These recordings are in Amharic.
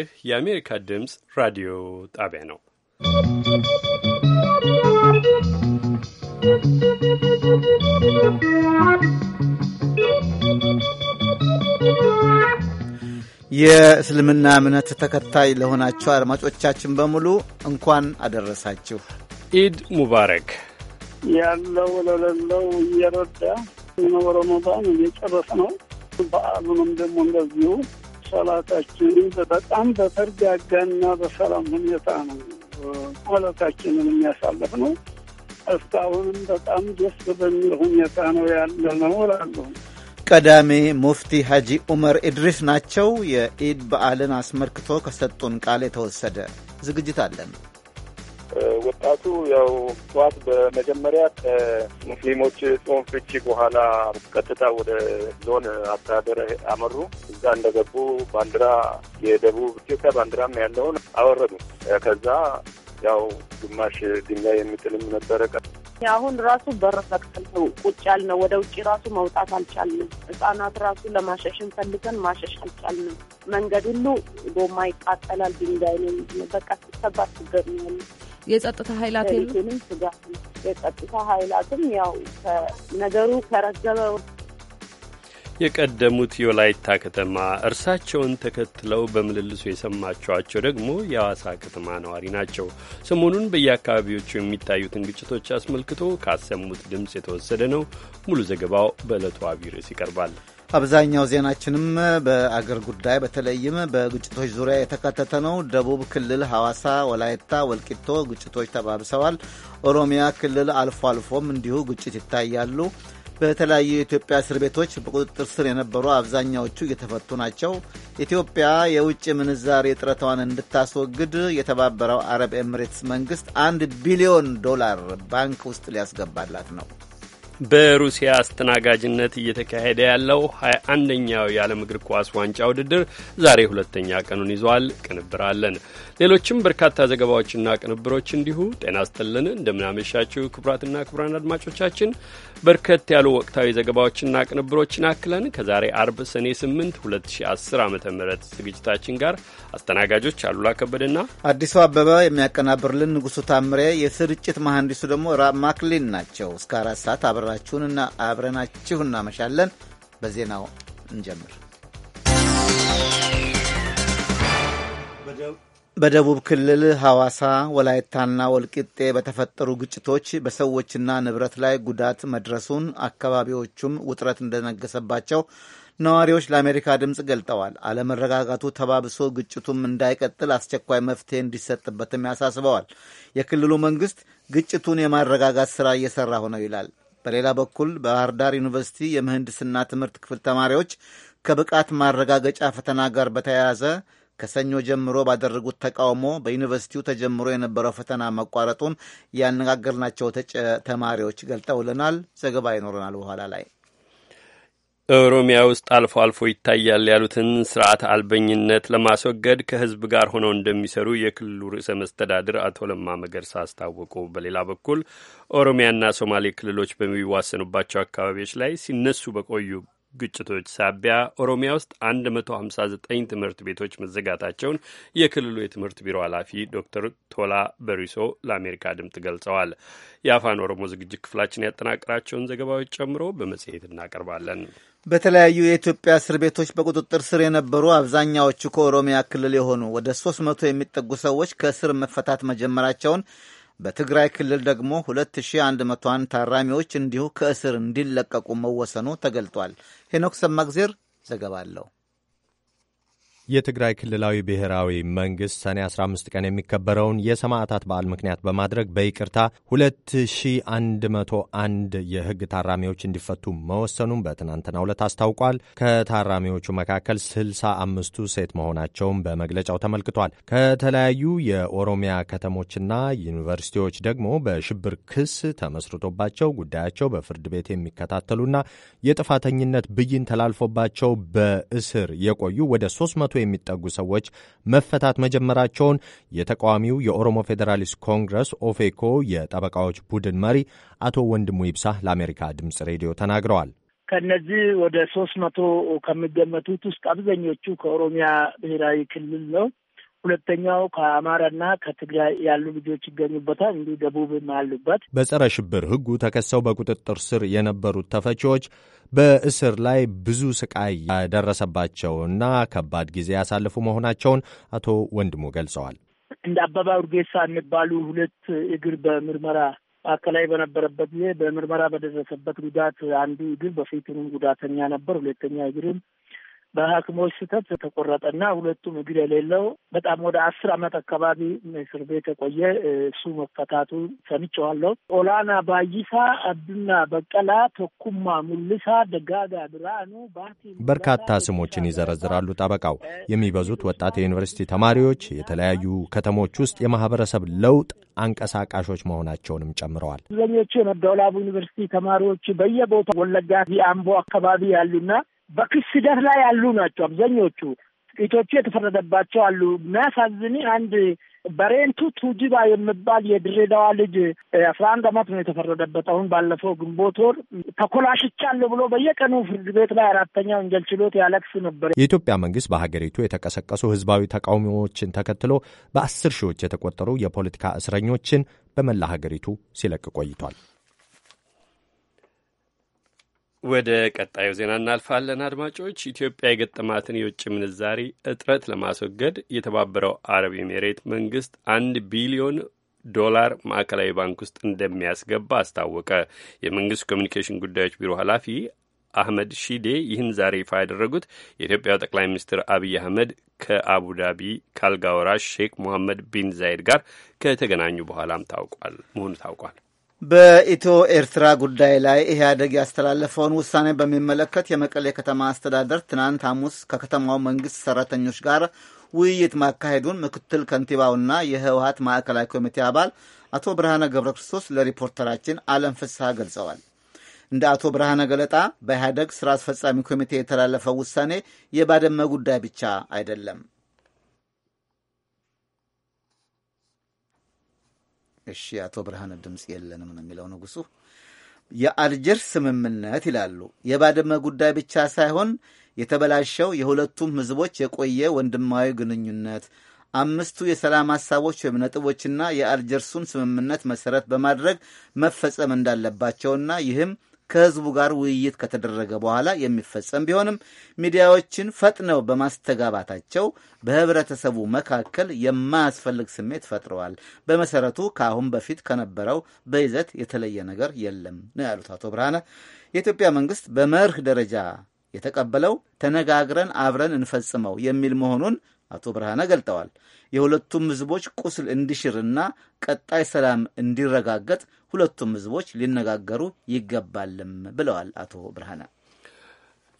ይህ የአሜሪካ ድምፅ ራዲዮ ጣቢያ ነው። የእስልምና እምነት ተከታይ ለሆናችሁ አድማጮቻችን በሙሉ እንኳን አደረሳችሁ። ኢድ ሙባረክ። ያለው ለሌለው እየረዳ የኖረ ሞታን እየጨረስ ነው። በዓሉንም ደግሞ እንደዚሁ ሰላታችንን በጣም በተረጋጋና በሰላም ሁኔታ ነው ማለታችንን የሚያሳልፍ ነው። እስካሁንም በጣም ደስ በሚል ሁኔታ ነው ያለ ነው እላለሁ። ቀዳሜ ሙፍቲ ሐጂ ዑመር ኢድሪስ ናቸው። የኢድ በዓልን አስመልክቶ ከሰጡን ቃል የተወሰደ ዝግጅት አለን። ወጣቱ ያው ጠዋት በመጀመሪያ ከሙስሊሞች ጾም ፍቺ በኋላ ቀጥታ ወደ ዞን አስተዳደር አመሩ። እዛ እንደገቡ ባንዲራ የደቡብ ኢትዮጵያ ባንዲራም ያለውን አወረዱ። ከዛ ያው ግማሽ ድንጋይ የሚጥልም ነበረ። አሁን ራሱ በር ዘግተን ነው ቁጭ ያልነው። ወደ ውጭ ራሱ መውጣት አልቻልንም። ህጻናት ራሱ ለማሸሽን ፈልገን ማሸሽ አልቻልንም። መንገድ ሁሉ ጎማ ይቃጠላል፣ ድንጋይ ነው። በቃ ሲሰባ ችግር ነው ያለ የጸጥታ ኃይላት የሉ የጸጥታ ኃይላትም ያው ነገሩ ከረገበ የቀደሙት የወላይታ ከተማ እርሳቸውን ተከትለው በምልልሱ የሰማችኋቸው ደግሞ የአዋሳ ከተማ ነዋሪ ናቸው። ሰሞኑን በየአካባቢዎቹ የሚታዩትን ግጭቶች አስመልክቶ ካሰሙት ድምፅ የተወሰደ ነው። ሙሉ ዘገባው በዕለቱ አቢይ ርዕስ ይቀርባል። አብዛኛው ዜናችንም በአገር ጉዳይ በተለይም በግጭቶች ዙሪያ የተካተተ ነው። ደቡብ ክልል ሐዋሳ፣ ወላይታ፣ ወልቂቶ ግጭቶች ተባብሰዋል። ኦሮሚያ ክልል አልፎ አልፎም እንዲሁ ግጭት ይታያሉ። በተለያዩ የኢትዮጵያ እስር ቤቶች በቁጥጥር ስር የነበሩ አብዛኛዎቹ እየተፈቱ ናቸው። ኢትዮጵያ የውጭ ምንዛሪ እጥረቷን እንድታስወግድ የተባበረው አረብ ኤምሬትስ መንግስት አንድ ቢሊዮን ዶላር ባንክ ውስጥ ሊያስገባላት ነው። በሩሲያ አስተናጋጅነት እየተካሄደ ያለው ሀያ አንደኛው የዓለም እግር ኳስ ዋንጫ ውድድር ዛሬ ሁለተኛ ቀኑን ይዟል። ቅንብር አለን። ሌሎችም በርካታ ዘገባዎችና ቅንብሮች እንዲሁ። ጤና ይስጥልን፣ እንደምናመሻችው ክቡራትና ክቡራን አድማጮቻችን በርከት ያሉ ወቅታዊ ዘገባዎችና ቅንብሮችን አክለን ከዛሬ አርብ ሰኔ 8 2010 ዓ ም ዝግጅታችን ጋር አስተናጋጆች አሉላ ከበደና አዲሱ አበበ የሚያቀናብርልን ንጉሱ ታምሬ፣ የስርጭት መሐንዲሱ ደግሞ ራብ ማክሊን ናቸው። እስከ አራት ሰዓት አብረናችሁንና አብረናችሁ እናመሻለን። በዜናው እንጀምር። በደቡብ ክልል ሐዋሳ፣ ወላይታና ወልቂጤ በተፈጠሩ ግጭቶች በሰዎችና ንብረት ላይ ጉዳት መድረሱን አካባቢዎቹም ውጥረት እንደነገሰባቸው ነዋሪዎች ለአሜሪካ ድምፅ ገልጠዋል። አለመረጋጋቱ ተባብሶ ግጭቱም እንዳይቀጥል አስቸኳይ መፍትሄ እንዲሰጥበትም ያሳስበዋል። የክልሉ መንግስት ግጭቱን የማረጋጋት ስራ እየሰራ ሆነው ይላል። በሌላ በኩል በባህር ዳር ዩኒቨርሲቲ የምህንድስና ትምህርት ክፍል ተማሪዎች ከብቃት ማረጋገጫ ፈተና ጋር በተያያዘ ከሰኞ ጀምሮ ባደረጉት ተቃውሞ በዩኒቨርሲቲው ተጀምሮ የነበረው ፈተና መቋረጡን ያነጋገርናቸው ተማሪዎች ገልጠውልናል። ዘገባ ይኖረናል በኋላ ላይ። ኦሮሚያ ውስጥ አልፎ አልፎ ይታያል ያሉትን ስርዓት አልበኝነት ለማስወገድ ከህዝብ ጋር ሆነው እንደሚሰሩ የክልሉ ርዕሰ መስተዳድር አቶ ለማ መገርሳ አስታወቁ። በሌላ በኩል ኦሮሚያና ሶማሌ ክልሎች በሚዋሰኑባቸው አካባቢዎች ላይ ሲነሱ በቆዩ ግጭቶች ሳቢያ ኦሮሚያ ውስጥ 159 ትምህርት ቤቶች መዘጋታቸውን የክልሉ የትምህርት ቢሮ ኃላፊ ዶክተር ቶላ በሪሶ ለአሜሪካ ድምፅ ገልጸዋል። የአፋን ኦሮሞ ዝግጅት ክፍላችን ያጠናቀራቸውን ዘገባዎች ጨምሮ በመጽሔት እናቀርባለን። በተለያዩ የኢትዮጵያ እስር ቤቶች በቁጥጥር ስር የነበሩ አብዛኛዎቹ ከኦሮሚያ ክልል የሆኑ ወደ 300 የሚጠጉ ሰዎች ከእስር መፈታት መጀመራቸውን በትግራይ ክልል ደግሞ 2100 ታራሚዎች እንዲሁ ከእስር እንዲለቀቁ መወሰኑ ተገልጧል። ሄኖክ ሰማግዜር ዘገባ አለው። የትግራይ ክልላዊ ብሔራዊ መንግሥት ሰኔ 15 ቀን የሚከበረውን የሰማዕታት በዓል ምክንያት በማድረግ በይቅርታ 2101 የሕግ ታራሚዎች እንዲፈቱ መወሰኑን በትናንትናው ዕለት አስታውቋል። ከታራሚዎቹ መካከል 65ቱ ሴት መሆናቸውን በመግለጫው ተመልክቷል። ከተለያዩ የኦሮሚያ ከተሞችና ዩኒቨርሲቲዎች ደግሞ በሽብር ክስ ተመስርቶባቸው ጉዳያቸው በፍርድ ቤት የሚከታተሉና የጥፋተኝነት ብይን ተላልፎባቸው በእስር የቆዩ ወደ 300 የሚጠጉ ሰዎች መፈታት መጀመራቸውን የተቃዋሚው የኦሮሞ ፌዴራሊስት ኮንግረስ ኦፌኮ የጠበቃዎች ቡድን መሪ አቶ ወንድሙ ይብሳ ለአሜሪካ ድምፅ ሬዲዮ ተናግረዋል። ከነዚህ ወደ ሶስት መቶ ከሚገመቱት ውስጥ አብዛኞቹ ከኦሮሚያ ብሔራዊ ክልል ነው። ሁለተኛው ከአማራና ከትግራይ ያሉ ልጆች ይገኙበታል። እንዲሁ ደቡብም አሉበት። በጸረ ሽብር ህጉ ተከሰው በቁጥጥር ስር የነበሩት ተፈቺዎች በእስር ላይ ብዙ ስቃይ ያደረሰባቸውና ከባድ ጊዜ ያሳለፉ መሆናቸውን አቶ ወንድሙ ገልጸዋል። እንደ አበባ ውርጌሳ የሚባሉ ሁለት እግር በምርመራ ማዕከላዊ በነበረበት ጊዜ በምርመራ በደረሰበት ጉዳት አንዱ እግር በፊቱንም ጉዳተኛ ነበር፣ ሁለተኛ እግርም በሐኪሞች ስህተት ተቆረጠና ሁለቱም እግር የሌለው በጣም ወደ አስር ዓመት አካባቢ እስር ቤት የቆየ እሱ መፈታቱ ሰምቼዋለሁ። ኦላና ባይሳ፣ አብና በቀላ፣ ተኩማ ሙልሳ፣ ደጋጋ ብርሃኑ፣ ባቲ በርካታ ስሞችን ይዘረዝራሉ ጠበቃው። የሚበዙት ወጣት የዩኒቨርሲቲ ተማሪዎች፣ የተለያዩ ከተሞች ውስጥ የማህበረሰብ ለውጥ አንቀሳቃሾች መሆናቸውንም ጨምረዋል። አብዛኞቹ የመደወላቡ ዩኒቨርሲቲ ተማሪዎች በየቦታ ወለጋ፣ የአምቦ አካባቢ ያሉና በክስ ሂደት ላይ ያሉ ናቸው አብዛኞቹ። ጥቂቶቹ የተፈረደባቸው አሉ። የሚያሳዝን አንድ በሬንቱ ቱጂባ የሚባል የድሬዳዋ ልጅ አስራ አንድ አመት ነው የተፈረደበት። አሁን ባለፈው ግንቦት ወር ተኮላሽቻለሁ ብሎ በየቀኑ ፍርድ ቤት ላይ አራተኛ ወንጀል ችሎት ያለቅስ ነበር። የኢትዮጵያ መንግስት በሀገሪቱ የተቀሰቀሱ ህዝባዊ ተቃውሞዎችን ተከትሎ በአስር ሺዎች የተቆጠሩ የፖለቲካ እስረኞችን በመላ ሀገሪቱ ሲለቅ ቆይቷል። ወደ ቀጣዩ ዜና እናልፋለን። አድማጮች ኢትዮጵያ የገጠማትን የውጭ ምንዛሪ እጥረት ለማስወገድ የተባበረው አረብ ኤሜሬት መንግስት አንድ ቢሊዮን ዶላር ማዕከላዊ ባንክ ውስጥ እንደሚያስገባ አስታወቀ። የመንግስት ኮሚኒኬሽን ጉዳዮች ቢሮ ኃላፊ አህመድ ሺዴ ይህን ዛሬ ይፋ ያደረጉት የኢትዮጵያው ጠቅላይ ሚኒስትር አብይ አህመድ ከአቡዳቢ ከአልጋ ሼክ ሞሐመድ ቢን ዛይድ ጋር ከተገናኙ በኋላም ታውቋል መሆኑ ታውቋል። በኢትዮ ኤርትራ ጉዳይ ላይ ኢህአደግ ያስተላለፈውን ውሳኔ በሚመለከት የመቀሌ ከተማ አስተዳደር ትናንት ሐሙስ ከከተማው መንግስት ሰራተኞች ጋር ውይይት ማካሄዱን ምክትል ከንቲባውና የህወሀት ማዕከላዊ ኮሚቴ አባል አቶ ብርሃነ ገብረ ክርስቶስ ለሪፖርተራችን አለም ፍስሐ ገልጸዋል። እንደ አቶ ብርሃነ ገለጣ በኢህአደግ ስራ አስፈጻሚ ኮሚቴ የተላለፈው ውሳኔ የባደመ ጉዳይ ብቻ አይደለም። እሺ አቶ ብርሃነ ድምፅ የለንም ነው የሚለው ንጉሱ። የአልጀር ስምምነት ይላሉ የባድመ ጉዳይ ብቻ ሳይሆን የተበላሸው የሁለቱም ህዝቦች የቆየ ወንድማዊ ግንኙነት አምስቱ የሰላም ሀሳቦች ወይም ነጥቦችና የአልጀርሱን ስምምነት መሰረት በማድረግ መፈጸም እንዳለባቸውና ይህም ከህዝቡ ጋር ውይይት ከተደረገ በኋላ የሚፈጸም ቢሆንም ሚዲያዎችን ፈጥነው በማስተጋባታቸው በህብረተሰቡ መካከል የማያስፈልግ ስሜት ፈጥረዋል። በመሰረቱ ከአሁን በፊት ከነበረው በይዘት የተለየ ነገር የለም ነው ያሉት አቶ ብርሃነ። የኢትዮጵያ መንግስት በመርህ ደረጃ የተቀበለው ተነጋግረን አብረን እንፈጽመው የሚል መሆኑን አቶ ብርሃነ ገልጠዋል። የሁለቱም ህዝቦች ቁስል እንዲሽርና ቀጣይ ሰላም እንዲረጋገጥ ሁለቱም ህዝቦች ሊነጋገሩ ይገባልም ብለዋል አቶ ብርሃነ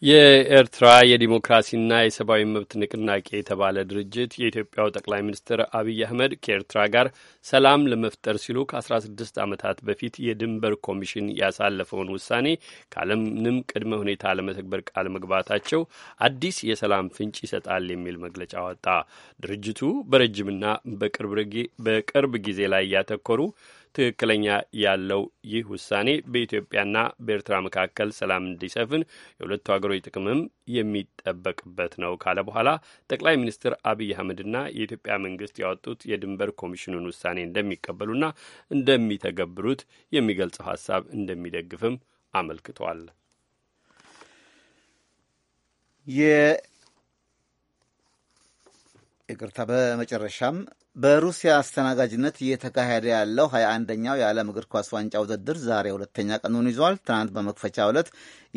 የኤርትራ የዲሞክራሲና የሰብአዊ መብት ንቅናቄ የተባለ ድርጅት የኢትዮጵያው ጠቅላይ ሚኒስትር አብይ አህመድ ከኤርትራ ጋር ሰላም ለመፍጠር ሲሉ ከ16 ዓመታት በፊት የድንበር ኮሚሽን ያሳለፈውን ውሳኔ ካለምንም ቅድመ ሁኔታ ለመተግበር ቃል መግባታቸው አዲስ የሰላም ፍንጭ ይሰጣል የሚል መግለጫ ወጣ። ድርጅቱ በረጅምና በቅርብ ጊዜ ላይ ያተኮሩ ትክክለኛ ያለው ይህ ውሳኔ በኢትዮጵያና በኤርትራ መካከል ሰላም እንዲሰፍን የሁለቱ ሀገሮች ጥቅምም የሚጠበቅበት ነው ካለ በኋላ ጠቅላይ ሚኒስትር አብይ አህመድና የኢትዮጵያ መንግስት ያወጡት የድንበር ኮሚሽኑን ውሳኔ እንደሚቀበሉና እንደሚተገብሩት የሚገልጸው ሀሳብ እንደሚደግፍም አመልክቷል። ይቅርታ በመጨረሻም በሩሲያ አስተናጋጅነት እየተካሄደ ያለው 21 አንደኛው የዓለም እግር ኳስ ዋንጫ ውድድር ዛሬ ሁለተኛ ቀኑን ይዟል። ትናንት በመክፈቻ ዕለት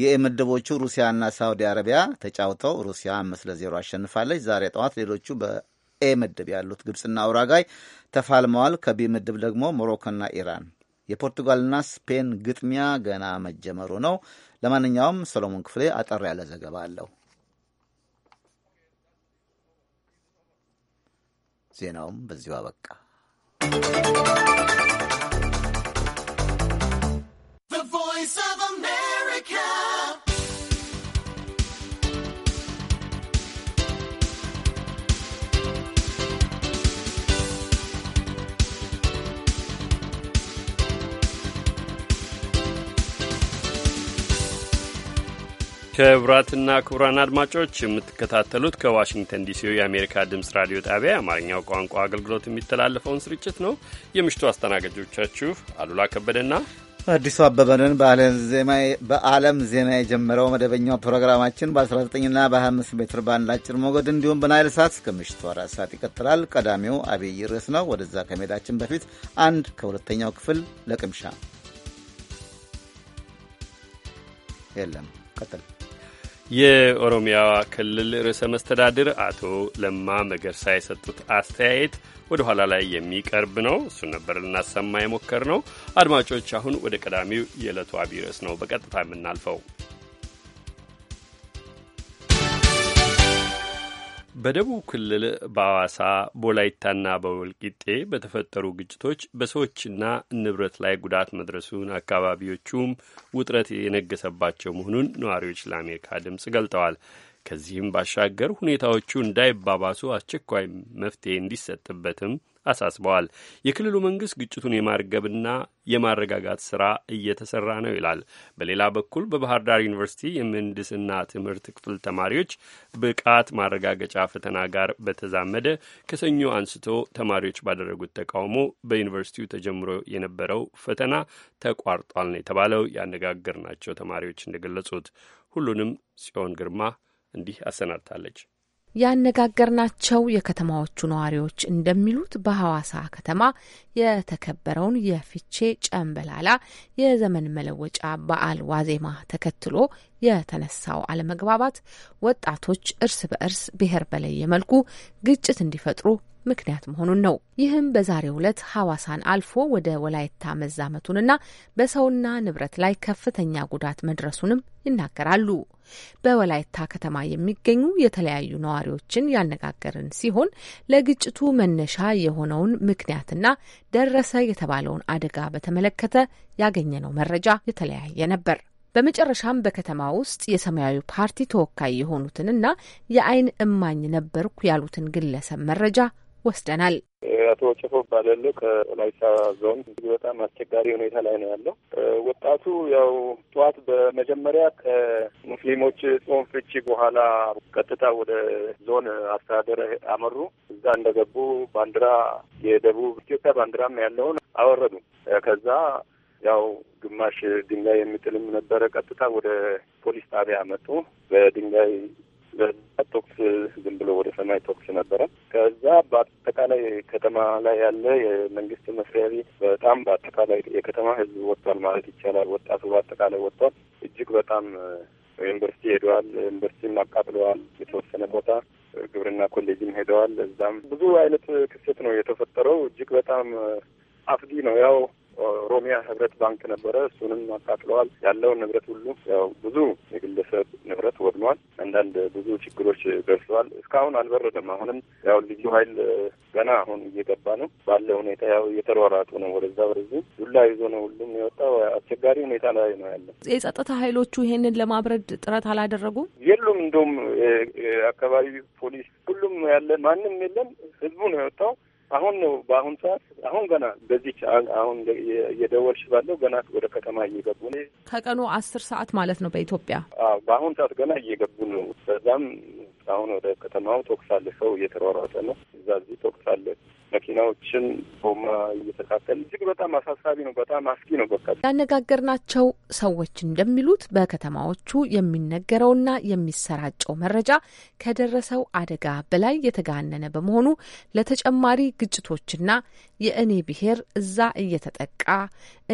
የምድቦቹ ሩሲያና ሳውዲ አረቢያ ተጫውተው ሩሲያ አምስት ለዜሮ አሸንፋለች። ዛሬ ጠዋት ሌሎቹ በኤ ምድብ ያሉት ግብፅና ኡራጋይ ተፋልመዋል። ከቢ ምድብ ደግሞ ሞሮኮና ኢራን የፖርቱጋልና ስፔን ግጥሚያ ገና መጀመሩ ነው። ለማንኛውም ሰሎሞን ክፍሌ አጠር ያለ ዘገባ አለው። ዜናውም በዚሁ አበቃ። ክቡራትና ክቡራን አድማጮች የምትከታተሉት ከዋሽንግተን ዲሲ የአሜሪካ ድምፅ ራዲዮ ጣቢያ የአማርኛው ቋንቋ አገልግሎት የሚተላለፈውን ስርጭት ነው። የምሽቱ አስተናጋጆቻችሁ አሉላ ከበደና አዲሱ አበበንን በዓለም ዜና የጀመረው መደበኛው ፕሮግራማችን በ19ና በ25 ሜትር ባንድ አጭር ሞገድ እንዲሁም በናይል ሳት እስከ ምሽቱ አራት ሰዓት ይቀጥላል። ቀዳሚው አብይ ርዕስ ነው። ወደዛ ከመሄዳችን በፊት አንድ ከሁለተኛው ክፍል ለቅምሻ የለም። ቀጥል የኦሮሚያ ክልል ርዕሰ መስተዳድር አቶ ለማ መገርሳ የሰጡት አስተያየት ወደ ኋላ ላይ የሚቀርብ ነው። እሱን ነበር ልናሰማ የሞከር ነው። አድማጮች፣ አሁን ወደ ቀዳሚው የዕለቱ አቢይ ርዕስ ነው በቀጥታ የምናልፈው። በደቡብ ክልል በአዋሳ በወላይታና በወልቂጤ በተፈጠሩ ግጭቶች በሰዎችና ንብረት ላይ ጉዳት መድረሱን አካባቢዎቹም ውጥረት የነገሰባቸው መሆኑን ነዋሪዎች ለአሜሪካ ድምፅ ገልጠዋል። ከዚህም ባሻገር ሁኔታዎቹ እንዳይባባሱ አስቸኳይ መፍትሄ እንዲሰጥበትም አሳስበዋል። የክልሉ መንግስት ግጭቱን የማርገብና የማረጋጋት ስራ እየተሰራ ነው ይላል። በሌላ በኩል በባህር ዳር ዩኒቨርሲቲ የምህንድስና ትምህርት ክፍል ተማሪዎች ብቃት ማረጋገጫ ፈተና ጋር በተዛመደ ከሰኞ አንስቶ ተማሪዎች ባደረጉት ተቃውሞ በዩኒቨርሲቲው ተጀምሮ የነበረው ፈተና ተቋርጧል ነው የተባለው። ያነጋገርናቸው ተማሪዎች እንደገለጹት ሁሉንም ጽዮን ግርማ እንዲህ አሰናድታለች። ያነጋገርናቸው የከተማዎቹ ነዋሪዎች እንደሚሉት በሐዋሳ ከተማ የተከበረውን የፊቼ ጨንበላላ የዘመን መለወጫ በዓል ዋዜማ ተከትሎ የተነሳው አለመግባባት ወጣቶች እርስ በእርስ ብሔር በለየ መልኩ ግጭት እንዲፈጥሩ ምክንያት መሆኑን ነው። ይህም በዛሬው ዕለት ሐዋሳን አልፎ ወደ ወላይታ መዛመቱንና በሰውና ንብረት ላይ ከፍተኛ ጉዳት መድረሱንም ይናገራሉ። በወላይታ ከተማ የሚገኙ የተለያዩ ነዋሪዎችን ያነጋገርን ሲሆን ለግጭቱ መነሻ የሆነውን ምክንያትና ደረሰ የተባለውን አደጋ በተመለከተ ያገኘነው መረጃ የተለያየ ነበር። በመጨረሻም በከተማ ውስጥ የሰማያዊ ፓርቲ ተወካይ የሆኑትንና የአይን እማኝ ነበርኩ ያሉትን ግለሰብ መረጃ ወስደናል። አቶ ጨፎ ባለለው ከወላይታ ዞን እጅግ በጣም አስቸጋሪ ሁኔታ ላይ ነው ያለው። ወጣቱ ያው ጠዋት በመጀመሪያ ከሙስሊሞች ጾም ፍቺ በኋላ ቀጥታ ወደ ዞን አስተዳደር አመሩ። እዛ እንደገቡ ባንዲራ የደቡብ ኢትዮጵያ ባንዲራም ያለውን አወረዱ። ከዛ ያው ግማሽ ድንጋይ የሚጥልም ነበረ። ቀጥታ ወደ ፖሊስ ጣቢያ መጡ። በድንጋይ ቶክስ ዝም ብሎ ወደ ሰማይ ቶክስ ነበረ። ከዛ በአጠቃላይ ከተማ ላይ ያለ የመንግስት መስሪያ ቤት በጣም በአጠቃላይ የከተማ ህዝብ ወጥቷል ማለት ይቻላል። ወጣቱ በአጠቃላይ ወጥቷል። እጅግ በጣም ዩኒቨርሲቲ ሄደዋል። ዩኒቨርሲቲም አቃጥለዋል። የተወሰነ ቦታ ግብርና ኮሌጅም ሄደዋል። እዛም ብዙ አይነት ክስተት ነው የተፈጠረው። እጅግ በጣም አፍዲ ነው ያው ኦሮሚያ ህብረት ባንክ ነበረ። እሱንም አቃጥለዋል። ያለውን ንብረት ሁሉ ያው ብዙ የግለሰብ መሰረት ወድሟል። አንዳንድ ብዙ ችግሮች ደርሰዋል። እስካሁን አልበረደም። አሁንም ያው ልዩ ኃይል ገና አሁን እየገባ ነው ባለ ሁኔታ ያው እየተሯሯጡ ነው። ወደዛ ወደዚ ዱላ ይዞ ነው ሁሉም የወጣው። አስቸጋሪ ሁኔታ ላይ ነው ያለ። የጸጥታ ኃይሎቹ ይሄንን ለማብረድ ጥረት አላደረጉም የሉም። እንደውም አካባቢ ፖሊስ ሁሉም ያለ ማንም የለም። ህዝቡ ነው የወጣው አሁን ነው በአሁን ሰዓት አሁን ገና በዚህ አሁን እየደወልሽ ባለው ገና ወደ ከተማ እየገቡ ነው። ከቀኑ አስር ሰዓት ማለት ነው በኢትዮጵያ። በአሁን ሰዓት ገና እየገቡ ነው። በዛም አሁን ወደ ከተማው ቶክስ አለ። ሰው እየተሯሯጠ ነው። እዛ እዚህ ቶክስ አለ። መኪናዎችን ጎማ እየተካከል እጅግ በጣም አሳሳቢ ነው። በጣም አስጊ ነው። በቃ ያነጋገርናቸው ሰዎች እንደሚሉት በከተማዎቹ የሚነገረውና የሚሰራጨው መረጃ ከደረሰው አደጋ በላይ የተጋነነ በመሆኑ ለተጨማሪ ግጭቶችና የእኔ ብሔር እዛ እየተጠቃ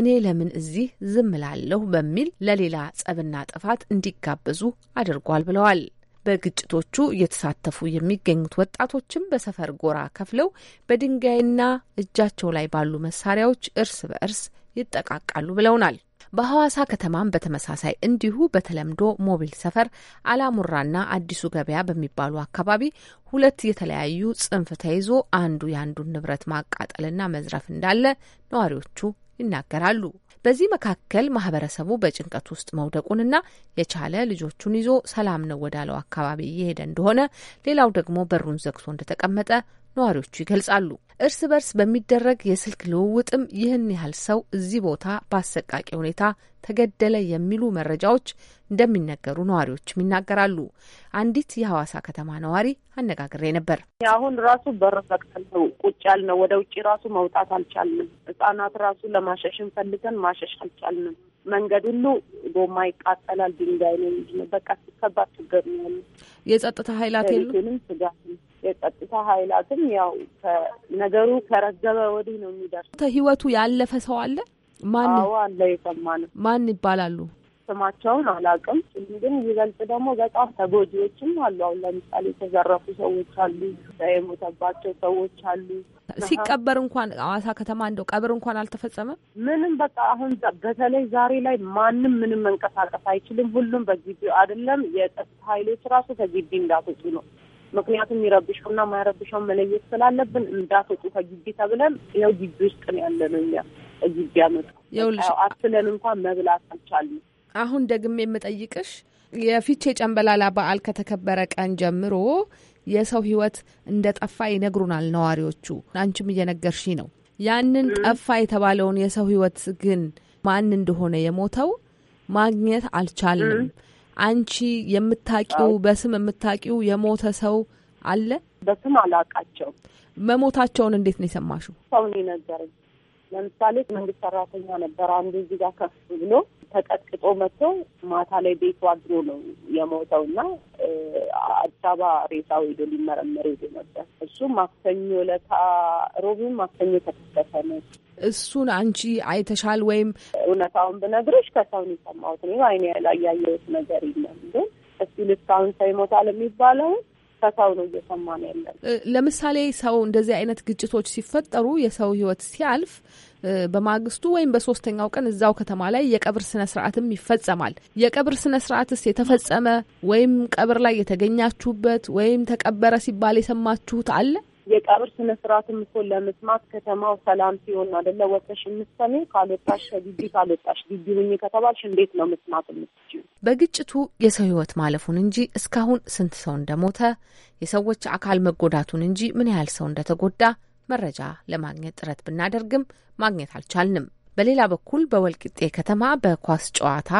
እኔ ለምን እዚህ ዝም ላለሁ በሚል ለሌላ ጸብና ጥፋት እንዲጋበዙ አድርጓል ብለዋል። በግጭቶቹ እየተሳተፉ የሚገኙት ወጣቶችም በሰፈር ጎራ ከፍለው በድንጋይና እጃቸው ላይ ባሉ መሳሪያዎች እርስ በእርስ ይጠቃቃሉ ብለውናል። በሐዋሳ ከተማም በተመሳሳይ እንዲሁ በተለምዶ ሞቢል ሰፈር፣ አላሙራና አዲሱ ገበያ በሚባሉ አካባቢ ሁለት የተለያዩ ጽንፍ ተይዞ አንዱ የአንዱን ንብረት ማቃጠልና መዝረፍ እንዳለ ነዋሪዎቹ ይናገራሉ። በዚህ መካከል ማህበረሰቡ በጭንቀት ውስጥ መውደቁንና የቻለ ልጆቹን ይዞ ሰላም ነው ወዳለው አካባቢ እየሄደ እንደሆነ፣ ሌላው ደግሞ በሩን ዘግቶ እንደተቀመጠ ነዋሪዎቹ ይገልጻሉ። እርስ በርስ በሚደረግ የስልክ ልውውጥም ይህን ያህል ሰው እዚህ ቦታ በአሰቃቂ ሁኔታ ተገደለ የሚሉ መረጃዎች እንደሚነገሩ ነዋሪዎችም ይናገራሉ። አንዲት የሐዋሳ ከተማ ነዋሪ አነጋግሬ ነበር። አሁን ራሱ በር ዘግተን ነው ቁጭ ያልነው። ወደ ውጭ ራሱ መውጣት አልቻልንም። ህጻናት ራሱ ለማሸሽን ፈልገን ማሸሽ አልቻልንም። መንገድ ሁሉ ጎማ ይቃጠላል። ድንጋይ ነው። በቃ ከባድ ችግር ነው ያለ የጸጥታ ኃይላት የሉ ስጋት የጸጥታ ኃይላትም ያው ነገሩ ከረገበ ወዲህ ነው የሚደርስ። ህይወቱ ያለፈ ሰው አለ። ማን አለ? የሰማ ነው። ማን ይባላሉ? ስማቸውን አላውቅም። ግን ይበልጥ ደግሞ በጣም ተጎጂዎችም አሉ። አሁን ለምሳሌ የተዘረፉ ሰዎች አሉ፣ የሞተባቸው ሰዎች አሉ። ሲቀበር እንኳን አዋሳ ከተማ እንደው ቀብር እንኳን አልተፈጸመም። ምንም በቃ አሁን በተለይ ዛሬ ላይ ማንም ምንም መንቀሳቀስ አይችልም። ሁሉም በግቢው አይደለም የጸጥታ ኃይሎች ራሱ ከግቢ እንዳትወጡ ነው ምክንያቱም የሚረብሸውና የማይረብሸውን መለየት ስላለብን እንዳትወጡ ከግቢ ተብለን ያው ግቢ ውስጥ ነው ነው እኛ ግቢ ያመጡ አስለን እንኳን መብላት አልቻልንም። አሁን ደግሜ የምጠይቅሽ የፊቼ ጨንበላላ በዓል ከተከበረ ቀን ጀምሮ የሰው ህይወት እንደ ጠፋ ይነግሩናል ነዋሪዎቹ። አንቺም እየነገርሽ ነው። ያንን ጠፋ የተባለውን የሰው ህይወት ግን ማን እንደሆነ የሞተው ማግኘት አልቻልንም። አንቺ የምታቂው በስም የምታቂው የሞተ ሰው አለ? በስም አላቃቸው። መሞታቸውን እንዴት ነው የሰማሽው? ሰው ነገር ለምሳሌ መንግስት ሰራተኛ ነበር አንዱ እዚህ ጋር ከፍ ብሎ ተቀጥቅጦ መጥቶ ማታ ላይ ቤቱ አድሮ ነው የሞተው እና አዲስ አበባ ሬሳው ሄዶ ሊመረመር ሄዶ ነበር። እሱ ማክሰኞ ለታ ሮብም ማክሰኞ ተከሰተ ነው። እሱን አንቺ አይተሻል ወይም? እውነታውን ብነግርሽ ከሰውን የሰማሁት እኔ አይኔ ላይ ያየሁት ነገር የለም። ግን እሱ ልስካሁን ሰው ይሞታል የሚባለውን ከሰው ነው እየሰማ ነው ያለን። ለምሳሌ ሰው እንደዚህ አይነት ግጭቶች ሲፈጠሩ የሰው ህይወት ሲያልፍ በማግስቱ ወይም በሶስተኛው ቀን እዛው ከተማ ላይ የቀብር ስነ ስርዓትም ይፈጸማል። የቀብር ስነ ስርዓትስ የተፈጸመ ወይም ቀብር ላይ የተገኛችሁበት ወይም ተቀበረ ሲባል የሰማችሁት አለ? የቀብር ስነ ስርዓትም እኮ ለመስማት ከተማው ሰላም ሲሆን አደለ ወተሽ የምትሰሚ። ካልወጣሽ ከግቢ ካልወጣሽ ግቢ ሁኝ ከተባልሽ እንዴት ነው መስማት የምትችል? በግጭቱ የሰው ህይወት ማለፉን እንጂ እስካሁን ስንት ሰው እንደሞተ የሰዎች አካል መጎዳቱን እንጂ ምን ያህል ሰው እንደተጎዳ መረጃ ለማግኘት ጥረት ብናደርግም ማግኘት አልቻልንም። በሌላ በኩል በወልቂጤ ከተማ በኳስ ጨዋታ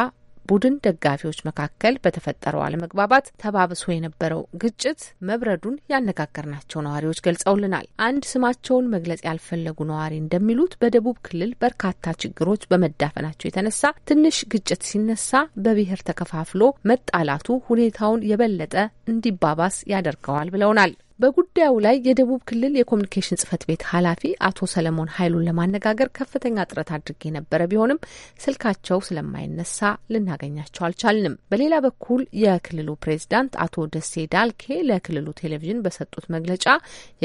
ቡድን ደጋፊዎች መካከል በተፈጠረው አለመግባባት ተባብሶ የነበረው ግጭት መብረዱን ያነጋገርናቸው ነዋሪዎች ገልጸውልናል። አንድ ስማቸውን መግለጽ ያልፈለጉ ነዋሪ እንደሚሉት በደቡብ ክልል በርካታ ችግሮች በመዳፈናቸው የተነሳ ትንሽ ግጭት ሲነሳ በብሔር ተከፋፍሎ መጣላቱ ሁኔታውን የበለጠ እንዲባባስ ያደርገዋል ብለውናል። በጉዳዩ ላይ የደቡብ ክልል የኮሚኒኬሽን ጽህፈት ቤት ኃላፊ አቶ ሰለሞን ኃይሉን ለማነጋገር ከፍተኛ ጥረት አድርጌ የነበረ ቢሆንም ስልካቸው ስለማይነሳ ልናገኛቸው አልቻልንም። በሌላ በኩል የክልሉ ፕሬዚዳንት አቶ ደሴ ዳልኬ ለክልሉ ቴሌቪዥን በሰጡት መግለጫ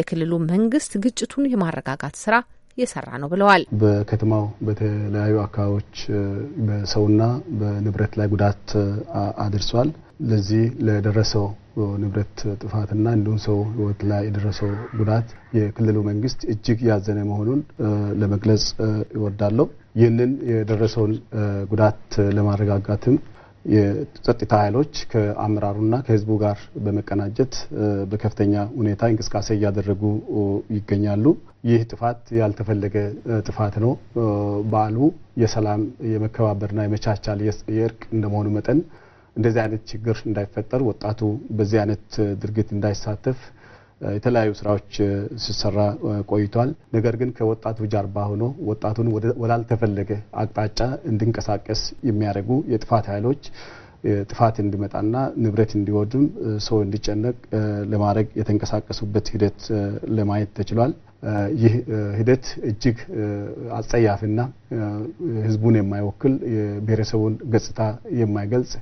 የክልሉ መንግስት ግጭቱን የማረጋጋት ስራ እየሰራ ነው ብለዋል። በከተማው በተለያዩ አካባቢዎች በሰውና በንብረት ላይ ጉዳት አድርሷል። ለዚህ ለደረሰው ንብረት ጥፋትና እንዲሁም ሰው ህይወት ላይ የደረሰው ጉዳት የክልሉ መንግስት እጅግ ያዘነ መሆኑን ለመግለጽ ይወዳለሁ። ይህንን የደረሰውን ጉዳት ለማረጋጋትም የጸጥታ ኃይሎች ከአመራሩና ከህዝቡ ጋር በመቀናጀት በከፍተኛ ሁኔታ እንቅስቃሴ እያደረጉ ይገኛሉ። ይህ ጥፋት ያልተፈለገ ጥፋት ነው። በዓሉ የሰላም የመከባበርና የመቻቻል የእርቅ እንደመሆኑ መጠን እንደዚህ አይነት ችግር እንዳይፈጠር ወጣቱ በዚህ አይነት ድርጊት እንዳይሳተፍ የተለያዩ ስራዎች ሲሰራ ቆይቷል። ነገር ግን ከወጣቱ ጀርባ ሆኖ ወጣቱን ወዳልተፈለገ አቅጣጫ እንዲንቀሳቀስ የሚያደርጉ የጥፋት ኃይሎች ጥፋት እንዲመጣና ንብረት እንዲወድም ሰው እንዲጨነቅ ለማድረግ የተንቀሳቀሱበት ሂደት ለማየት ተችሏል። ይህ ሂደት እጅግ አጸያፍና ሕዝቡን የማይወክል የብሔረሰቡን ገጽታ የማይገልጽ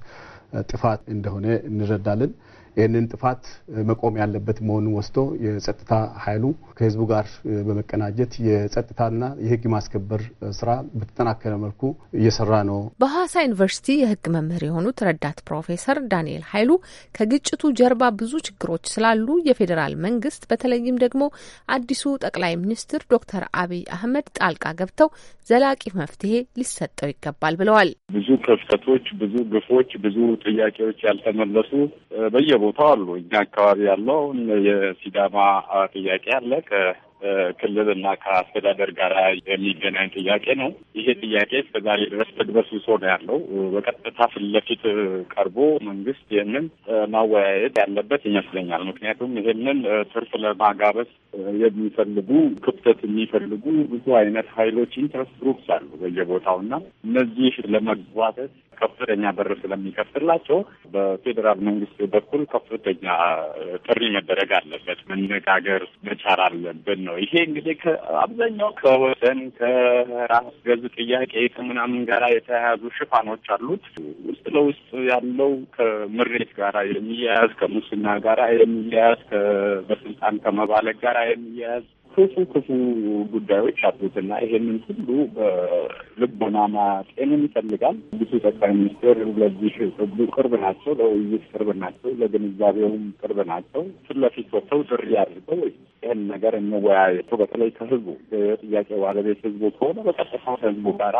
ጥፋት እንደሆነ እንረዳለን። ይህንን ጥፋት መቆም ያለበት መሆኑን ወስዶ የጸጥታ ኃይሉ ከህዝቡ ጋር በመቀናጀት የጸጥታና የህግ ማስከበር ስራ በተጠናከረ መልኩ እየሰራ ነው። በሐዋሳ ዩኒቨርሲቲ የህግ መምህር የሆኑት ረዳት ፕሮፌሰር ዳንኤል ኃይሉ ከግጭቱ ጀርባ ብዙ ችግሮች ስላሉ የፌዴራል መንግስት በተለይም ደግሞ አዲሱ ጠቅላይ ሚኒስትር ዶክተር አብይ አህመድ ጣልቃ ገብተው ዘላቂ መፍትሄ ሊሰጠው ይገባል ብለዋል። ብዙ ክፍተቶች፣ ብዙ ግፎች፣ ብዙ ጥያቄዎች ያልተመለሱ በየ በየቦታው አሉ። እኛ አካባቢ ያለው የሲዳማ ጥያቄ አለ ከክልልና እና ከአስተዳደር ጋር የሚገናኝ ጥያቄ ነው። ይሄ ጥያቄ እስከዛሬ ድረስ ተድበስብሶ ነው ያለው። በቀጥታ ፊት ለፊት ቀርቦ መንግስት ይህንን ማወያየት ያለበት ይመስለኛል። ምክንያቱም ይህንን ትርፍ ለማጋበስ የሚፈልጉ ክፍተት የሚፈልጉ ብዙ አይነት ሀይሎች ኢንትረስት ግሩፕስ አሉ በየቦታው እና እነዚህ ለመግባተት ከፍተኛ በር ስለሚከፍትላቸው በፌዴራል መንግስት በኩል ከፍተኛ ጥሪ መደረግ አለበት። መነጋገር መቻል አለብን ነው ነው። ይሄ እንግዲህ አብዛኛው ከወሰን ከራስ ገዝ ጥያቄ ከምናምን ጋራ የተያያዙ ሽፋኖች አሉት። ውስጥ ለውስጥ ያለው ከምሬት ጋራ የሚያያዝ ከሙስና ጋራ የሚያያዝ በስልጣን ከመባለግ ጋራ የሚያያዝ ክፉ ክፉ ጉዳዮች አሉት እና ይሄንን ሁሉ በልቦና ማጤንን ይፈልጋል። ብዙ ጠቅላይ ሚኒስትር ለዚህ ህዝቡ ቅርብ ናቸው፣ ለውይይት ቅርብ ናቸው፣ ለግንዛቤውም ቅርብ ናቸው። ፊት ለፊት ወጥተው ጥሪ አድርገው ይህን ነገር እንወያየቱ በተለይ ከህዝቡ ጥያቄ ባለቤት ህዝቡ ከሆነ በቀጥታ ህዝቡ ጋራ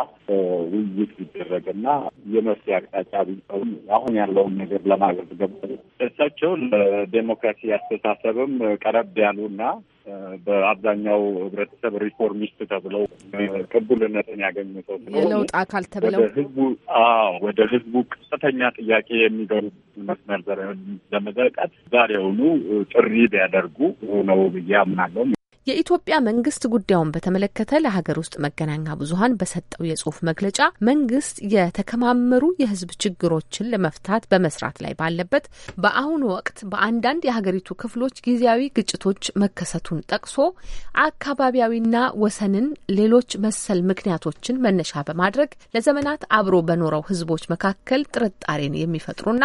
ውይይት ቢደረግና የመፍትሄ አቅጣጫ ቢሰሩ አሁን ያለውን ነገር ለማገዝ ለማገዝገብ እሳቸው ለዴሞክራሲ አስተሳሰብም ቀረብ ያሉና በአብዛኛው ህብረተሰብ ሪፎርሚስት ተብለው ቅቡልነትን ያገኙ ሰው የለውጥ አካል ተብለው ህዝቡ ወደ ህዝቡ ቀጥተኛ ጥያቄ የሚገሩ መስመር ለመዘርጋት ዛሬውኑ ጥሪ ቢያደርጉ ነው ብዬ ብዬ አምናለሁ። የኢትዮጵያ መንግስት ጉዳዩን በተመለከተ ለሀገር ውስጥ መገናኛ ብዙኃን በሰጠው የጽሁፍ መግለጫ መንግስት የተከማመሩ የህዝብ ችግሮችን ለመፍታት በመስራት ላይ ባለበት በአሁኑ ወቅት በአንዳንድ የሀገሪቱ ክፍሎች ጊዜያዊ ግጭቶች መከሰቱን ጠቅሶ አካባቢያዊና ወሰንን ሌሎች መሰል ምክንያቶችን መነሻ በማድረግ ለዘመናት አብሮ በኖረው ህዝቦች መካከል ጥርጣሬን የሚፈጥሩና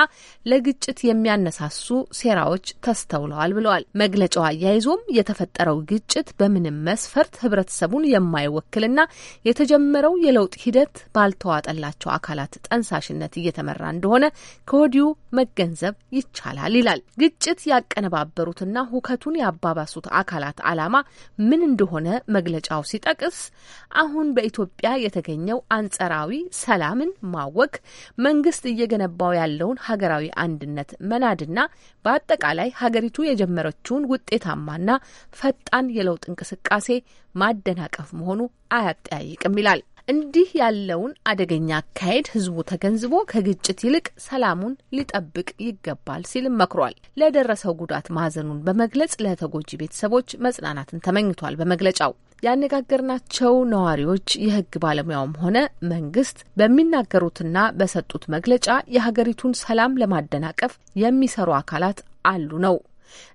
ለግጭት የሚያነሳሱ ሴራዎች ተስተውለዋል ብለዋል። መግለጫው አያይዞም የተፈጠረው ግጭ ግጭት በምንም መስፈርት ህብረተሰቡን የማይወክልና የተጀመረው የለውጥ ሂደት ባልተዋጠላቸው አካላት ጠንሳሽነት እየተመራ እንደሆነ ከወዲሁ መገንዘብ ይቻላል ይላል። ግጭት ያቀነባበሩትና ሁከቱን ያባባሱት አካላት ዓላማ ምን እንደሆነ መግለጫው ሲጠቅስ አሁን በኢትዮጵያ የተገኘው አንጸራዊ ሰላምን ማወክ፣ መንግስት እየገነባው ያለውን ሀገራዊ አንድነት መናድና በአጠቃላይ ሀገሪቱ የጀመረችውን ውጤታማና ፈጣን የለውጥ እንቅስቃሴ ማደናቀፍ መሆኑ አያጠያይቅም ይላል። እንዲህ ያለውን አደገኛ አካሄድ ህዝቡ ተገንዝቦ ከግጭት ይልቅ ሰላሙን ሊጠብቅ ይገባል ሲልም መክሯል። ለደረሰው ጉዳት ማዘኑን በመግለጽ ለተጎጂ ቤተሰቦች መጽናናትን ተመኝቷል። በመግለጫው ያነጋገርናቸው ነዋሪዎች የህግ ባለሙያውም ሆነ መንግስት በሚናገሩትና በሰጡት መግለጫ የሀገሪቱን ሰላም ለማደናቀፍ የሚሰሩ አካላት አሉ ነው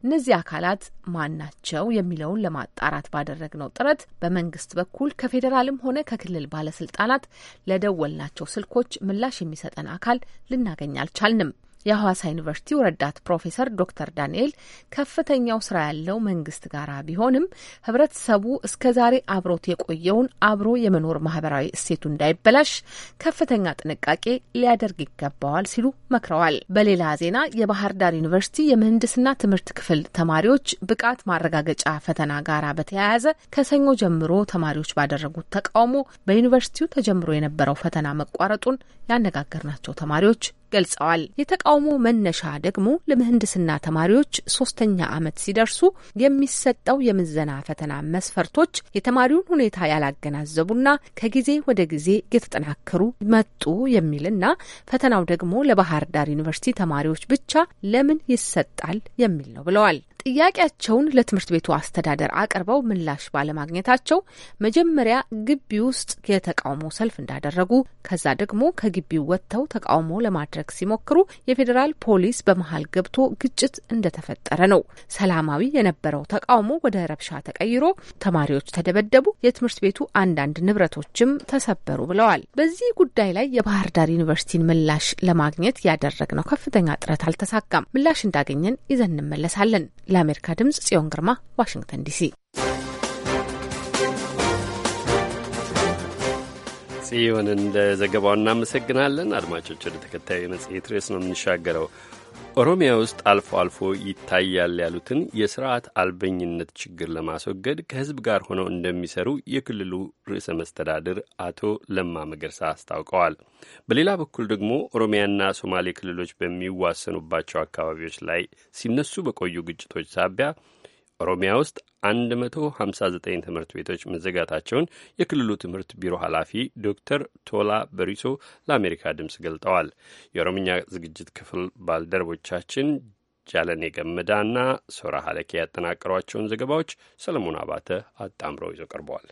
እነዚህ አካላት ማን ናቸው የሚለውን ለማጣራት ባደረግነው ጥረት በመንግስት በኩል ከፌዴራልም ሆነ ከክልል ባለስልጣናት ለደወልናቸው ስልኮች ምላሽ የሚሰጠን አካል ልናገኝ አልቻልንም። የሐዋሳ ዩኒቨርሲቲው ረዳት ፕሮፌሰር ዶክተር ዳንኤል ከፍተኛው ስራ ያለው መንግስት ጋራ ቢሆንም ህብረተሰቡ እስከ ዛሬ አብሮት የቆየውን አብሮ የመኖር ማህበራዊ እሴቱ እንዳይበላሽ ከፍተኛ ጥንቃቄ ሊያደርግ ይገባዋል ሲሉ መክረዋል። በሌላ ዜና የባህር ዳር ዩኒቨርሲቲ የምህንድስና ትምህርት ክፍል ተማሪዎች ብቃት ማረጋገጫ ፈተና ጋራ በተያያዘ ከሰኞ ጀምሮ ተማሪዎች ባደረጉት ተቃውሞ በዩኒቨርሲቲው ተጀምሮ የነበረው ፈተና መቋረጡን ያነጋገርናቸው ተማሪዎች ገልጸዋል። የተቃውሞ መነሻ ደግሞ ለምህንድስና ተማሪዎች ሶስተኛ ዓመት ሲደርሱ የሚሰጠው የምዘና ፈተና መስፈርቶች የተማሪውን ሁኔታ ያላገናዘቡና ከጊዜ ወደ ጊዜ እየተጠናከሩ መጡ የሚልና ፈተናው ደግሞ ለባህር ዳር ዩኒቨርሲቲ ተማሪዎች ብቻ ለምን ይሰጣል የሚል ነው ብለዋል። ጥያቄያቸውን ለትምህርት ቤቱ አስተዳደር አቅርበው ምላሽ ባለማግኘታቸው መጀመሪያ ግቢ ውስጥ የተቃውሞ ሰልፍ እንዳደረጉ ከዛ ደግሞ ከግቢው ወጥተው ተቃውሞ ለማድረግ ሲሞክሩ የፌዴራል ፖሊስ በመሀል ገብቶ ግጭት እንደተፈጠረ ነው። ሰላማዊ የነበረው ተቃውሞ ወደ ረብሻ ተቀይሮ ተማሪዎች ተደበደቡ፣ የትምህርት ቤቱ አንዳንድ ንብረቶችም ተሰበሩ ብለዋል። በዚህ ጉዳይ ላይ የባህር ዳር ዩኒቨርሲቲን ምላሽ ለማግኘት ያደረግነው ከፍተኛ ጥረት አልተሳካም። ምላሽ እንዳገኘን ይዘን እንመለሳለን። ለአሜሪካ ድምጽ ጽዮን ግርማ ዋሽንግተን ዲሲ። ጽዮንን ለዘገባው እናመሰግናለን። አድማጮች ወደ ተከታዩ መጽሔት ርዕስ ነው የምንሻገረው። ኦሮሚያ ውስጥ አልፎ አልፎ ይታያል ያሉትን የስርዓት አልበኝነት ችግር ለማስወገድ ከህዝብ ጋር ሆነው እንደሚሰሩ የክልሉ ርዕሰ መስተዳድር አቶ ለማ መገርሳ አስታውቀዋል። በሌላ በኩል ደግሞ ኦሮሚያና ሶማሌ ክልሎች በሚዋሰኑባቸው አካባቢዎች ላይ ሲነሱ በቆዩ ግጭቶች ሳቢያ ኦሮሚያ ውስጥ 159 ትምህርት ቤቶች መዘጋታቸውን የክልሉ ትምህርት ቢሮ ኃላፊ ዶክተር ቶላ በሪሶ ለአሜሪካ ድምፅ ገልጠዋል። የኦሮምኛ ዝግጅት ክፍል ባልደረቦቻችን ጃለኔ ገመዳና ሶራ ሀለኬ ያጠናቀሯቸውን ዘገባዎች ሰለሞን አባተ አጣምረው ይዞ ቀርበዋል።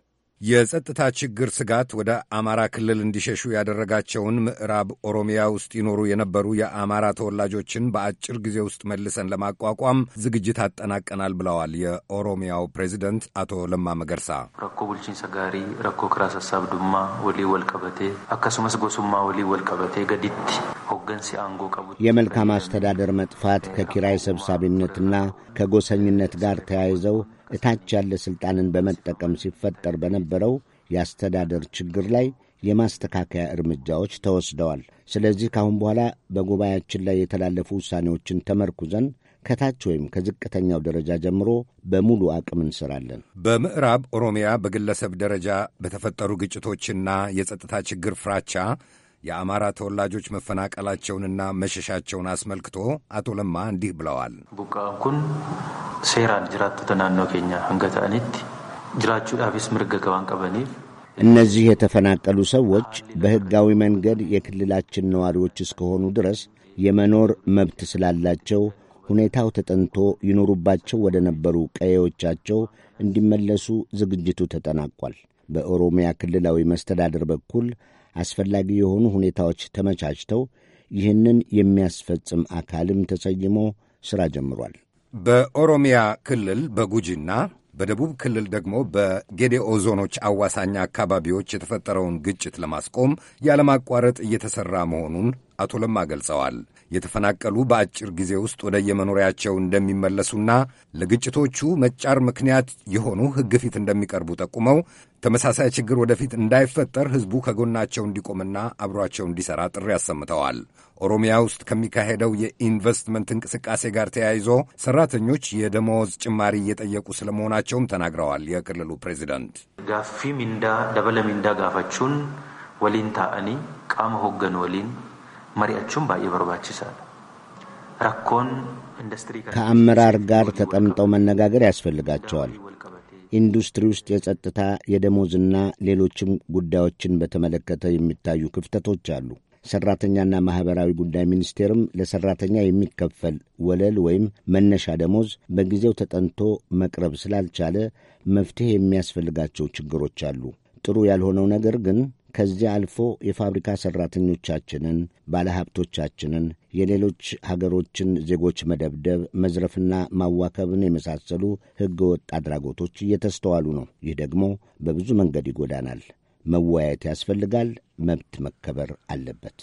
የጸጥታ ችግር ስጋት ወደ አማራ ክልል እንዲሸሹ ያደረጋቸውን ምዕራብ ኦሮሚያ ውስጥ ይኖሩ የነበሩ የአማራ ተወላጆችን በአጭር ጊዜ ውስጥ መልሰን ለማቋቋም ዝግጅት አጠናቀናል ብለዋል የኦሮሚያው ፕሬዚደንት አቶ ለማ መገርሳ። ረኮ ቡልቺን ሰጋሪ ረኮ ክራሰሳብ ዱማ ወሊ ወልቀበቴ አከሱመስ ጎሱማ ወሊ ወልቀበቴ ገዲት ሆገንሲ አንጎ ቀቡ የመልካም አስተዳደር መጥፋት ከኪራይ ሰብሳቢነትና ከጎሰኝነት ጋር ተያይዘው እታች ያለ ሥልጣንን በመጠቀም ሲፈጠር በነበረው የአስተዳደር ችግር ላይ የማስተካከያ እርምጃዎች ተወስደዋል። ስለዚህ ከአሁን በኋላ በጉባኤያችን ላይ የተላለፉ ውሳኔዎችን ተመርኩዘን ከታች ወይም ከዝቅተኛው ደረጃ ጀምሮ በሙሉ አቅም እንሰራለን። በምዕራብ ኦሮሚያ በግለሰብ ደረጃ በተፈጠሩ ግጭቶችና የጸጥታ ችግር ፍራቻ የአማራ ተወላጆች መፈናቀላቸውንና መሸሻቸውን አስመልክቶ አቶ ለማ እንዲህ ብለዋል። ቡቃን ኩን ሴራን ጅራቱ ተናነው ኬኛ አንገታኒት ጅራቹ ዳፊስ ምርገገባን ቀበኒ እነዚህ የተፈናቀሉ ሰዎች በሕጋዊ መንገድ የክልላችን ነዋሪዎች እስከሆኑ ድረስ የመኖር መብት ስላላቸው ሁኔታው ተጠንቶ ይኖሩባቸው ወደ ነበሩ ቀዬዎቻቸው እንዲመለሱ ዝግጅቱ ተጠናቋል። በኦሮሚያ ክልላዊ መስተዳድር በኩል አስፈላጊ የሆኑ ሁኔታዎች ተመቻችተው ይህንን የሚያስፈጽም አካልም ተሰይሞ ሥራ ጀምሯል። በኦሮሚያ ክልል በጉጂና በደቡብ ክልል ደግሞ በጌዴኦ ዞኖች አዋሳኝ አካባቢዎች የተፈጠረውን ግጭት ለማስቆም ያለማቋረጥ እየተሠራ መሆኑን አቶ ለማ ገልጸዋል። የተፈናቀሉ በአጭር ጊዜ ውስጥ ወደ የመኖሪያቸው እንደሚመለሱና ለግጭቶቹ መጫር ምክንያት የሆኑ ሕግ ፊት እንደሚቀርቡ ጠቁመው ተመሳሳይ ችግር ወደፊት እንዳይፈጠር ሕዝቡ ከጎናቸው እንዲቆምና አብሯቸው እንዲሠራ ጥሪ አሰምተዋል። ኦሮሚያ ውስጥ ከሚካሄደው የኢንቨስትመንት እንቅስቃሴ ጋር ተያይዞ ሠራተኞች የደመወዝ ጭማሪ እየጠየቁ ስለመሆናቸውም ተናግረዋል። የክልሉ ፕሬዚደንት ጋፊ ሚንዳ ደበለ ሚንዳ ጋፋችሁን ወሊን ታአኒ ቃመ ሆገን ወሊን መሪያችሁም ባየ በርባች ይሳል ራኮን ከአመራር ጋር ተቀምጠው መነጋገር ያስፈልጋቸዋል። ኢንዱስትሪ ውስጥ የጸጥታ የደሞዝና ሌሎችም ጉዳዮችን በተመለከተ የሚታዩ ክፍተቶች አሉ። ሠራተኛና ማኅበራዊ ጉዳይ ሚኒስቴርም ለሠራተኛ የሚከፈል ወለል ወይም መነሻ ደሞዝ በጊዜው ተጠንቶ መቅረብ ስላልቻለ መፍትሔ የሚያስፈልጋቸው ችግሮች አሉ። ጥሩ ያልሆነው ነገር ግን ከዚያ አልፎ የፋብሪካ ሠራተኞቻችንን፣ ባለሀብቶቻችንን፣ የሌሎች ሀገሮችን ዜጎች መደብደብ፣ መዝረፍና ማዋከብን የመሳሰሉ ወጥ አድራጎቶች እየተስተዋሉ ነው። ይህ ደግሞ በብዙ መንገድ ይጎዳናል። መወያየት ያስፈልጋል። መብት መከበር አለበት።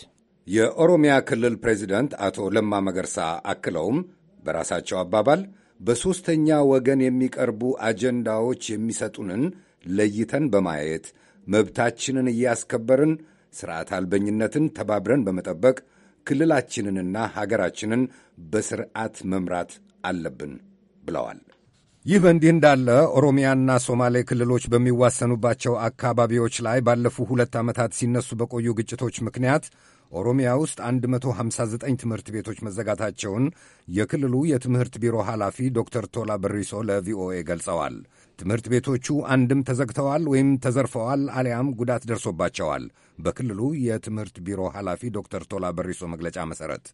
የኦሮሚያ ክልል ፕሬዚደንት አቶ ለማ መገርሳ አክለውም በራሳቸው አባባል በሦስተኛ ወገን የሚቀርቡ አጀንዳዎች የሚሰጡንን ለይተን በማየት መብታችንን እያስከበርን ስርዓት አልበኝነትን ተባብረን በመጠበቅ ክልላችንንና ሀገራችንን በስርዓት መምራት አለብን ብለዋል። ይህ በእንዲህ እንዳለ ኦሮሚያና ሶማሌ ክልሎች በሚዋሰኑባቸው አካባቢዎች ላይ ባለፉ ሁለት ዓመታት ሲነሱ በቆዩ ግጭቶች ምክንያት ኦሮሚያ ውስጥ 159 ትምህርት ቤቶች መዘጋታቸውን የክልሉ የትምህርት ቢሮ ኃላፊ ዶክተር ቶላ በሪሶ ለቪኦኤ ገልጸዋል። ትምህርት ቤቶቹ አንድም ተዘግተዋል ወይም ተዘርፈዋል አሊያም ጉዳት ደርሶባቸዋል። በክልሉ የትምህርት ቢሮ ኃላፊ ዶክተር ቶላ በሪሶ መግለጫ መሠረት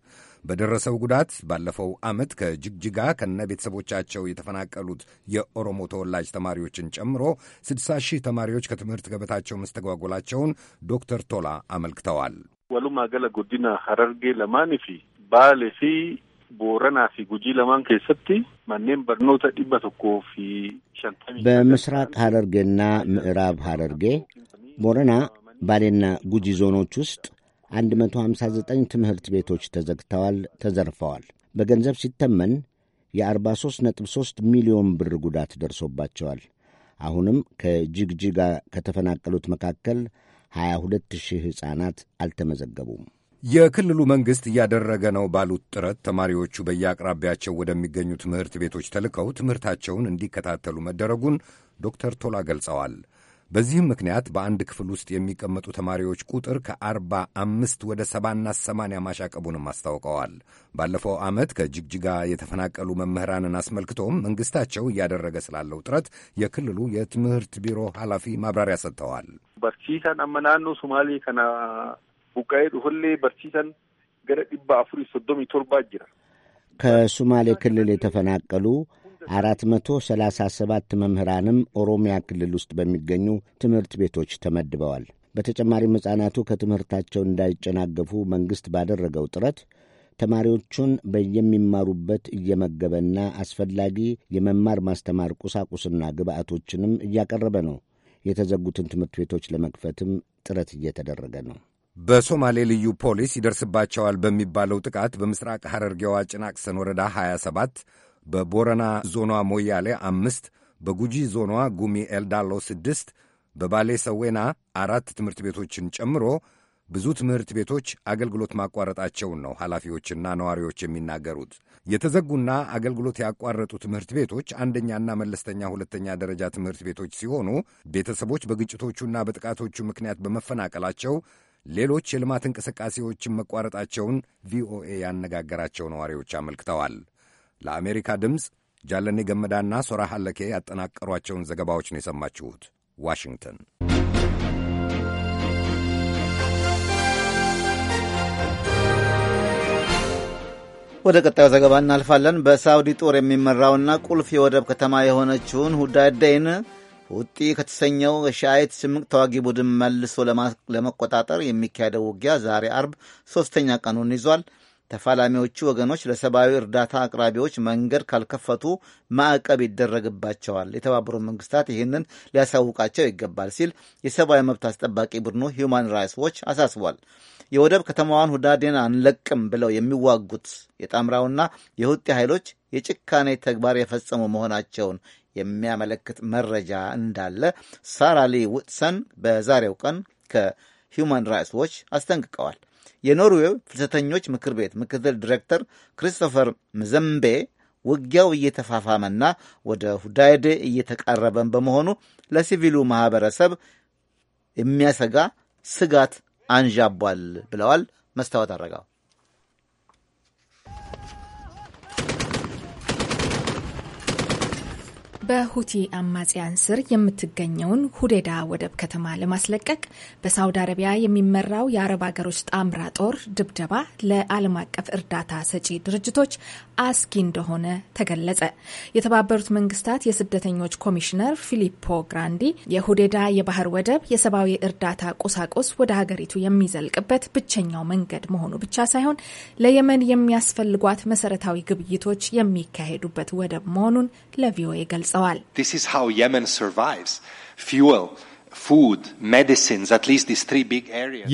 በደረሰው ጉዳት ባለፈው ዓመት ከጅግጅጋ ከነ ቤተሰቦቻቸው የተፈናቀሉት የኦሮሞ ተወላጅ ተማሪዎችን ጨምሮ 60 ሺህ ተማሪዎች ከትምህርት ገበታቸው መስተጓጎላቸውን ዶክተር ቶላ አመልክተዋል። ወሉም አገለ ጉዲና ሀረርጌ ለማኒፊ ባሌ ፊ ቦረና ፊ ጉጂ ለማን ኬሰቲ ማኔም በርኖተ ዲባ ቶኮ ፊ ሸንተሚ በምስራቅ ሐረርጌና ምዕራብ ሀረርጌ ቦረና፣ ባሌና ጉጂ ዞኖች ውስጥ 159 ትምህርት ቤቶች ተዘግተዋል፣ ተዘርፈዋል። በገንዘብ ሲተመን የ43.3 ሚሊዮን ብር ጉዳት ደርሶባቸዋል። አሁንም ከጅግጅጋ ከተፈናቀሉት መካከል 22 ሺህ ሕፃናት አልተመዘገቡም። የክልሉ መንግሥት እያደረገ ነው ባሉት ጥረት ተማሪዎቹ በየአቅራቢያቸው ወደሚገኙ ትምህርት ቤቶች ተልከው ትምህርታቸውን እንዲከታተሉ መደረጉን ዶክተር ቶላ ገልጸዋል። በዚህም ምክንያት በአንድ ክፍል ውስጥ የሚቀመጡ ተማሪዎች ቁጥር ከአርባ አምስት ወደ ሰባና ሰማንያ ማሻቀቡንም አስታውቀዋል። ባለፈው ዓመት ከጅግጅጋ የተፈናቀሉ መምህራንን አስመልክቶም መንግሥታቸው እያደረገ ስላለው ጥረት የክልሉ የትምህርት ቢሮ ኃላፊ ማብራሪያ ሰጥተዋል። በርቺ ከናመናኑ ሱማሌ ከና buqqa'ee dhufullee barsiisan gara dhibba afurii soddomii torbaa jira ከሱማሌ ክልል የተፈናቀሉ አራት መቶ ሰላሳ ሰባት መምህራንም ኦሮሚያ ክልል ውስጥ በሚገኙ ትምህርት ቤቶች ተመድበዋል። በተጨማሪም ሕፃናቱ ከትምህርታቸው እንዳይጨናገፉ መንግሥት ባደረገው ጥረት ተማሪዎቹን በየሚማሩበት እየመገበና አስፈላጊ የመማር ማስተማር ቁሳቁስና ግብአቶችንም እያቀረበ ነው። የተዘጉትን ትምህርት ቤቶች ለመክፈትም ጥረት እየተደረገ ነው። በሶማሌ ልዩ ፖሊስ ይደርስባቸዋል በሚባለው ጥቃት በምስራቅ ሐረርጌዋ ጭናቅሰን ወረዳ 27 በቦረና ዞኗ ሞያሌ አምስት በጉጂ ዞኗ ጉሚ ኤልዳሎ ስድስት በባሌ ሰዌና አራት ትምህርት ቤቶችን ጨምሮ ብዙ ትምህርት ቤቶች አገልግሎት ማቋረጣቸውን ነው ኃላፊዎችና ነዋሪዎች የሚናገሩት። የተዘጉና አገልግሎት ያቋረጡ ትምህርት ቤቶች አንደኛና መለስተኛ ሁለተኛ ደረጃ ትምህርት ቤቶች ሲሆኑ ቤተሰቦች በግጭቶቹና በጥቃቶቹ ምክንያት በመፈናቀላቸው ሌሎች የልማት እንቅስቃሴዎችን መቋረጣቸውን ቪኦኤ ያነጋገራቸው ነዋሪዎች አመልክተዋል። ለአሜሪካ ድምፅ ጃለኔ ገመዳና ሶራ ሐለኬ ያጠናቀሯቸውን ዘገባዎች ነው የሰማችሁት። ዋሽንግተን ወደ ቀጣዩ ዘገባ እናልፋለን። በሳውዲ ጦር የሚመራውና ቁልፍ የወደብ ከተማ የሆነችውን ሁዳይዴን ውጢ ከተሰኘው ሻይት ስምቅ ተዋጊ ቡድን መልሶ ለመቆጣጠር የሚካሄደው ውጊያ ዛሬ አርብ ሦስተኛ ቀኑን ይዟል። ተፋላሚዎቹ ወገኖች ለሰብአዊ እርዳታ አቅራቢዎች መንገድ ካልከፈቱ ማዕቀብ ይደረግባቸዋል፣ የተባበሩት መንግስታት ይህንን ሊያሳውቃቸው ይገባል ሲል የሰብአዊ መብት አስጠባቂ ቡድኑ ሂዩማን ራይትስ ዎች አሳስቧል። የወደብ ከተማዋን ሁዳዴን አንለቅም ብለው የሚዋጉት የጣምራውና የሁጤ ኃይሎች የጭካኔ ተግባር የፈጸሙ መሆናቸውን የሚያመለክት መረጃ እንዳለ ሳራ ሊ ውጥሰን በዛሬው ቀን ከሂውማን ራይትስ ዎች አስጠንቅቀዋል። የኖርዌው ፍልሰተኞች ምክር ቤት ምክትል ዲሬክተር ክሪስቶፈር ምዘምቤ ውጊያው እየተፋፋመና ወደ ሁዳይዴ እየተቃረበን በመሆኑ ለሲቪሉ ማህበረሰብ የሚያሰጋ ስጋት አንዣቧል ብለዋል። መስታወት አረጋው በሁቲ አማጽያን ስር የምትገኘውን ሁዴዳ ወደብ ከተማ ለማስለቀቅ በሳውዲ አረቢያ የሚመራው የአረብ ሀገሮች ጣምራ ጦር ድብደባ ለዓለም አቀፍ እርዳታ ሰጪ ድርጅቶች አስጊ እንደሆነ ተገለጸ። የተባበሩት መንግስታት የስደተኞች ኮሚሽነር ፊሊፖ ግራንዲ የሁዴዳ የባህር ወደብ የሰብአዊ እርዳታ ቁሳቁስ ወደ ሀገሪቱ የሚዘልቅበት ብቸኛው መንገድ መሆኑ ብቻ ሳይሆን ለየመን የሚያስፈልጓት መሰረታዊ ግብይቶች የሚካሄዱበት ወደብ መሆኑን ለቪኦኤ ገልጸዋል። ገልጸዋል።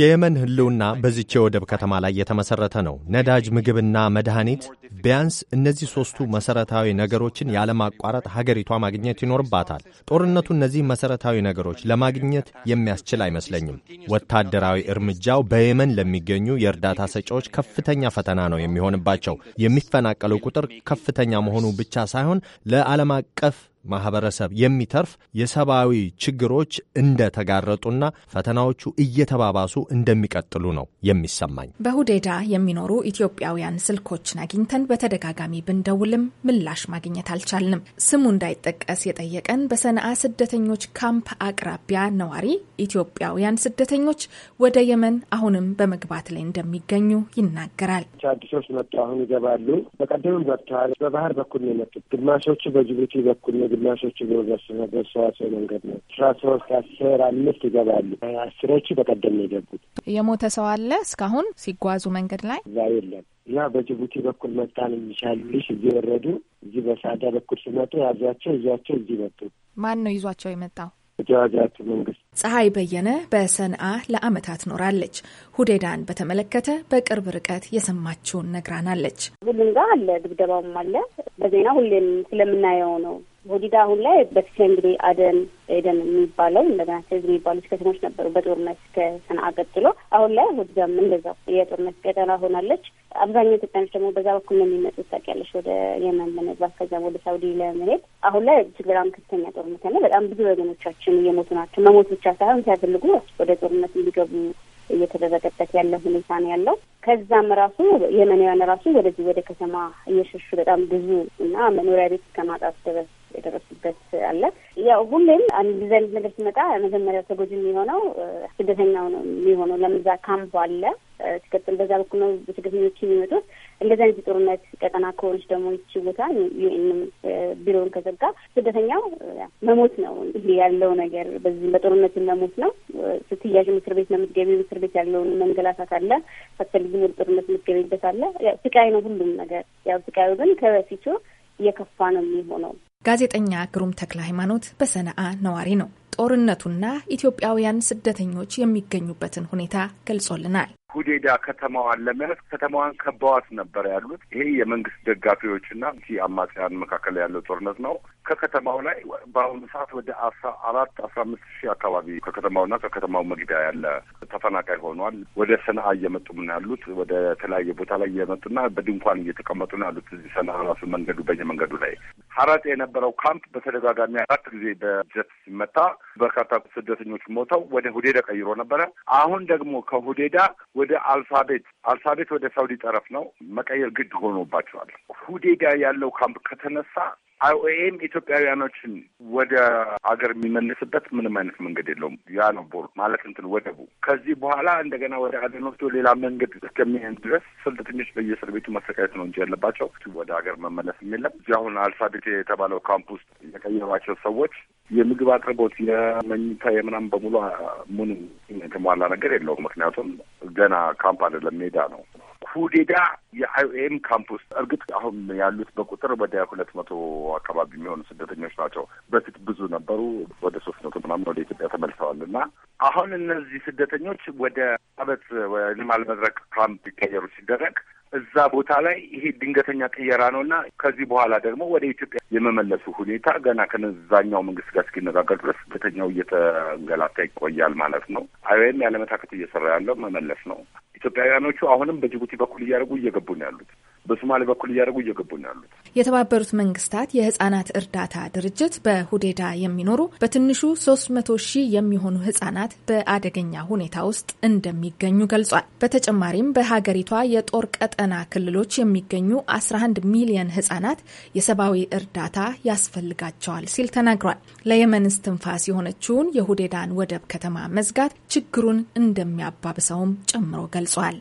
የየመን ህልውና በዚች የወደብ ከተማ ላይ የተመሠረተ ነው። ነዳጅ፣ ምግብና መድኃኒት። ቢያንስ እነዚህ ሦስቱ መሠረታዊ ነገሮችን ያለማቋረጥ ሀገሪቷ ማግኘት ይኖርባታል። ጦርነቱ እነዚህ መሠረታዊ ነገሮች ለማግኘት የሚያስችል አይመስለኝም። ወታደራዊ እርምጃው በየመን ለሚገኙ የእርዳታ ሰጪዎች ከፍተኛ ፈተና ነው የሚሆንባቸው። የሚፈናቀለው ቁጥር ከፍተኛ መሆኑ ብቻ ሳይሆን ለዓለም አቀፍ ማህበረሰብ የሚተርፍ የሰብአዊ ችግሮች እንደተጋረጡና ፈተናዎቹ እየተባባሱ እንደሚቀጥሉ ነው የሚሰማኝ። በሁዴዳ የሚኖሩ ኢትዮጵያውያን ስልኮችን አግኝተን በተደጋጋሚ ብንደውልም ምላሽ ማግኘት አልቻልንም። ስሙ እንዳይጠቀስ የጠየቀን በሰነአ ስደተኞች ካምፕ አቅራቢያ ነዋሪ ኢትዮጵያውያን ስደተኞች ወደ የመን አሁንም በመግባት ላይ እንደሚገኙ ይናገራል። አዲሶች መጡ፣ አሁን ይገባሉ። በቀደምም መጥተዋል። በባህር በኩል ነው የመጡት። ግማሾቹ በጅቡቲ በኩል ግማሾቹ በሁለት ነገር ሰዋሰው መንገድ ነው። አስራ ሶስት አስር አምስት ይገባሉ። አስሮቹ በቀደም ነው የገቡት። የሞተ ሰው አለ እስካሁን ሲጓዙ መንገድ ላይ እዛ የለም እና በጅቡቲ በኩል መጣን የሚሻልልሽ እዚህ ወረዱ። እዚህ በሳዳ በኩል ሲመጡ ያዟቸው ይዟቸው እዚህ መጡ። ማን ነው ይዟቸው የመጣው? የተዋጋቱ መንግስት። ፀሐይ በየነ በሰንአ ለአመታት ኖራለች። ሁዴዳን በተመለከተ በቅርብ ርቀት የሰማችውን ነግራናለች። ሁሉም ጋር አለ፣ ድብደባውም አለ። በዜና ሁሌም ስለምናየው ነው ቦዲዳ አሁን ላይ በፊት እንግዲህ አደን ኤደን የሚባለው እንደገና ሴዝ የሚባሉት ከተሞች ነበሩ በጦርነት ከሰንዓ ቀጥሎ። አሁን ላይ ቦዲጋም እንደዛው የጦርነት ቀጠና ሆናለች። አብዛኛው ኢትዮጵያኖች ደግሞ በዛ በኩል ነው የሚመጡት ታውቂያለሽ፣ ወደ የመን ለመግባት ከዚያም ወደ ሳውዲ ለመሄድ። አሁን ላይ እጅግ በጣም ከፍተኛ ጦርነት ያለ፣ በጣም ብዙ ወገኖቻችን እየሞቱ ናቸው። መሞት ብቻ ሳይሆን ሲያፈልጉ ወደ ጦርነት እንዲገቡ እየተደረገበት ያለ ሁኔታ ነው ያለው። ከዛም ራሱ የመንያን ራሱ ወደዚህ ወደ ከተማ እየሸሹ በጣም ብዙ እና መኖሪያ ቤት እስከማጣት ድረስ የደረሱበት አለ። ያው ሁሌም አንድ ዘንድ ነገር ሲመጣ መጀመሪያ ተጎጂ የሚሆነው ስደተኛው ነው የሚሆነው። ለምዛ ካምፕ አለ። ሲቀጥል በዛ በኩል ነው ስደተኞች የሚመጡት። እንደዚህ አይነት የጦርነት ቀጠና ከሆነች ደግሞ ይቺ ቦታ ዩኤንም ቢሮውን ከዘጋ ስደተኛው መሞት ነው ይሄ ያለው ነገር። በዚህ በጦርነት መሞት ነው። ስትያዥ እስር ቤት ነው የምትገቢው። እስር ቤት ያለውን መንገላታት አለ። ሳትፈልጊም ወደ ጦርነት የምትገቢበት አለ። ስቃይ ነው ሁሉም ነገር። ያው ስቃዩ ግን ከበፊቱ እየከፋ ነው የሚሆነው። ጋዜጠኛ ግሩም ተክለ ሃይማኖት በሰነአ ነዋሪ ነው። ጦርነቱና ኢትዮጵያውያን ስደተኞች የሚገኙበትን ሁኔታ ገልጾልናል። ሁዴዳ ከተማዋን ለመያዝ ከተማዋን ከበዋት ነበር ያሉት። ይሄ የመንግስት ደጋፊዎችና አማጽያን መካከል ያለው ጦርነት ነው። ከከተማው ላይ በአሁኑ ሰዓት ወደ አስራ አራት አስራ አምስት ሺህ አካባቢ ከከተማውና ከከተማው መግቢያ ያለ ተፈናቃይ ሆኗል። ወደ ሰነአ እየመጡ ነው ያሉት። ወደ ተለያየ ቦታ ላይ እየመጡና በድንኳን እየተቀመጡ ነው ያሉት። እዚህ ሰነአ ራሱ መንገዱ በየመንገዱ ላይ ሀረጥ የነበረው ካምፕ በተደጋጋሚ አራት ጊዜ በጀት ሲመታ በርካታ ስደተኞች ሞተው ወደ ሁዴዳ ቀይሮ ነበረ። አሁን ደግሞ ከሁዴዳ ወደ አልፋቤት አልፋቤት ወደ ሳውዲ ጠረፍ ነው መቀየር ግድ ሆኖባቸዋል። ሁዴዳ ያለው ካምፕ ከተነሳ አይኦኤም ኢትዮጵያውያኖችን ወደ አገር የሚመልስበት ምንም አይነት መንገድ የለውም። ያ ነው ቦር ማለት እንትን ወደቡ። ከዚህ በኋላ እንደገና ወደ አደን ወስዶ ሌላ መንገድ እስከሚሄን ድረስ ስደተኞች በየእስር ቤቱ መሰቃየት ነው እንጂ ያለባቸው ወደ ሀገር መመለስ የለም። እዚ አሁን አልፋቤት የተባለው ካምፕ ውስጥ የቀየሯቸው ሰዎች የምግብ አቅርቦት የመኝታ የምናም በሙሉ ምንም የተሟላ ነገር የለውም። ምክንያቱም ገና ካምፕ አይደለም ሜዳ ነው። ሁዴዳ የአይኦኤም ካምፕ ውስጥ እርግጥ አሁን ያሉት በቁጥር ወደ ሁለት መቶ አካባቢ የሚሆኑ ስደተኞች ናቸው። በፊት ብዙ ነበሩ። ወደ ሶስት መቶ ምናምን ወደ ኢትዮጵያ ተመልሰዋል እና አሁን እነዚህ ስደተኞች ወደ አበት ልማል መድረክ ካምፕ ይቀየሩ ሲደረግ እዛ ቦታ ላይ ይሄ ድንገተኛ ቅየራ ነው እና ከዚህ በኋላ ደግሞ ወደ ኢትዮጵያ የመመለሱ ሁኔታ ገና ከነዛኛው መንግስት ጋር እስኪነጋገር ድረስ በተኛው እየተንገላታ ይቆያል ማለት ነው። አይወይም ያለመታከት እየሰራ ያለው መመለስ ነው። ኢትዮጵያውያኖቹ አሁንም በጅቡቲ በኩል እያደረጉ እየገቡ ነው ያሉት። በሶማሌ በኩል እያደረጉ እየገቡ ነው ያሉት። የተባበሩት መንግስታት የህጻናት እርዳታ ድርጅት በሁዴዳ የሚኖሩ በትንሹ ሶስት መቶ ሺህ የሚሆኑ ህጻናት በአደገኛ ሁኔታ ውስጥ እንደሚገኙ ገልጿል። በተጨማሪም በሀገሪቷ የጦር ቀጠና ክልሎች የሚገኙ 11 ሚሊየን ህጻናት የሰብአዊ እርዳታ ያስፈልጋቸዋል ሲል ተናግሯል። ለየመን እስትንፋስ የሆነችውን የሁዴዳን ወደብ ከተማ መዝጋት ችግሩን እንደሚያባብሰውም ጨምሮ ገልጿል።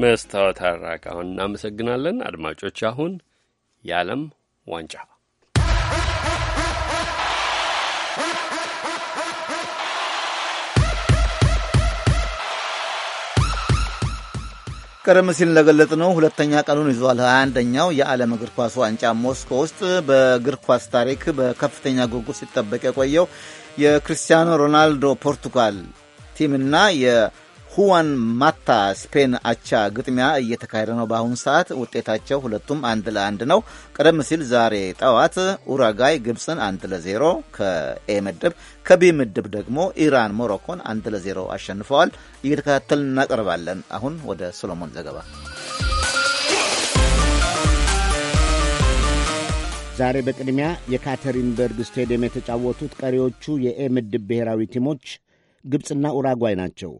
መስታወት አራቃሁን እናመሰግናለን። አድማጮች አሁን የዓለም ዋንጫ ቀደም ሲል ነው ሁለተኛ ቀኑን ይዟል። 21ኛው የዓለም እግር ኳስ ዋንጫ ሞስኮ ውስጥ በእግር ኳስ ታሪክ በከፍተኛ ጉጉት ሲጠበቅ የቆየው የክርስቲያኖ ሮናልዶ ፖርቱጋል ቲምና ሁዋን ማታ ስፔን አቻ ግጥሚያ እየተካሄደ ነው በአሁኑ ሰዓት። ውጤታቸው ሁለቱም አንድ ለአንድ ነው። ቀደም ሲል ዛሬ ጠዋት ኡራጋይ ግብፅን አንድ ለዜሮ ከኤ ምድብ፣ ከቢ ምድብ ደግሞ ኢራን ሞሮኮን አንድ ለዜሮ አሸንፈዋል። እየተከታተልን እናቀርባለን። አሁን ወደ ሶሎሞን ዘገባ ዛሬ በቅድሚያ የካተሪንበርግ ስቴዲየም የተጫወቱት ቀሪዎቹ የኤ ምድብ ብሔራዊ ቲሞች ግብፅና ኡራጓይ ናቸው።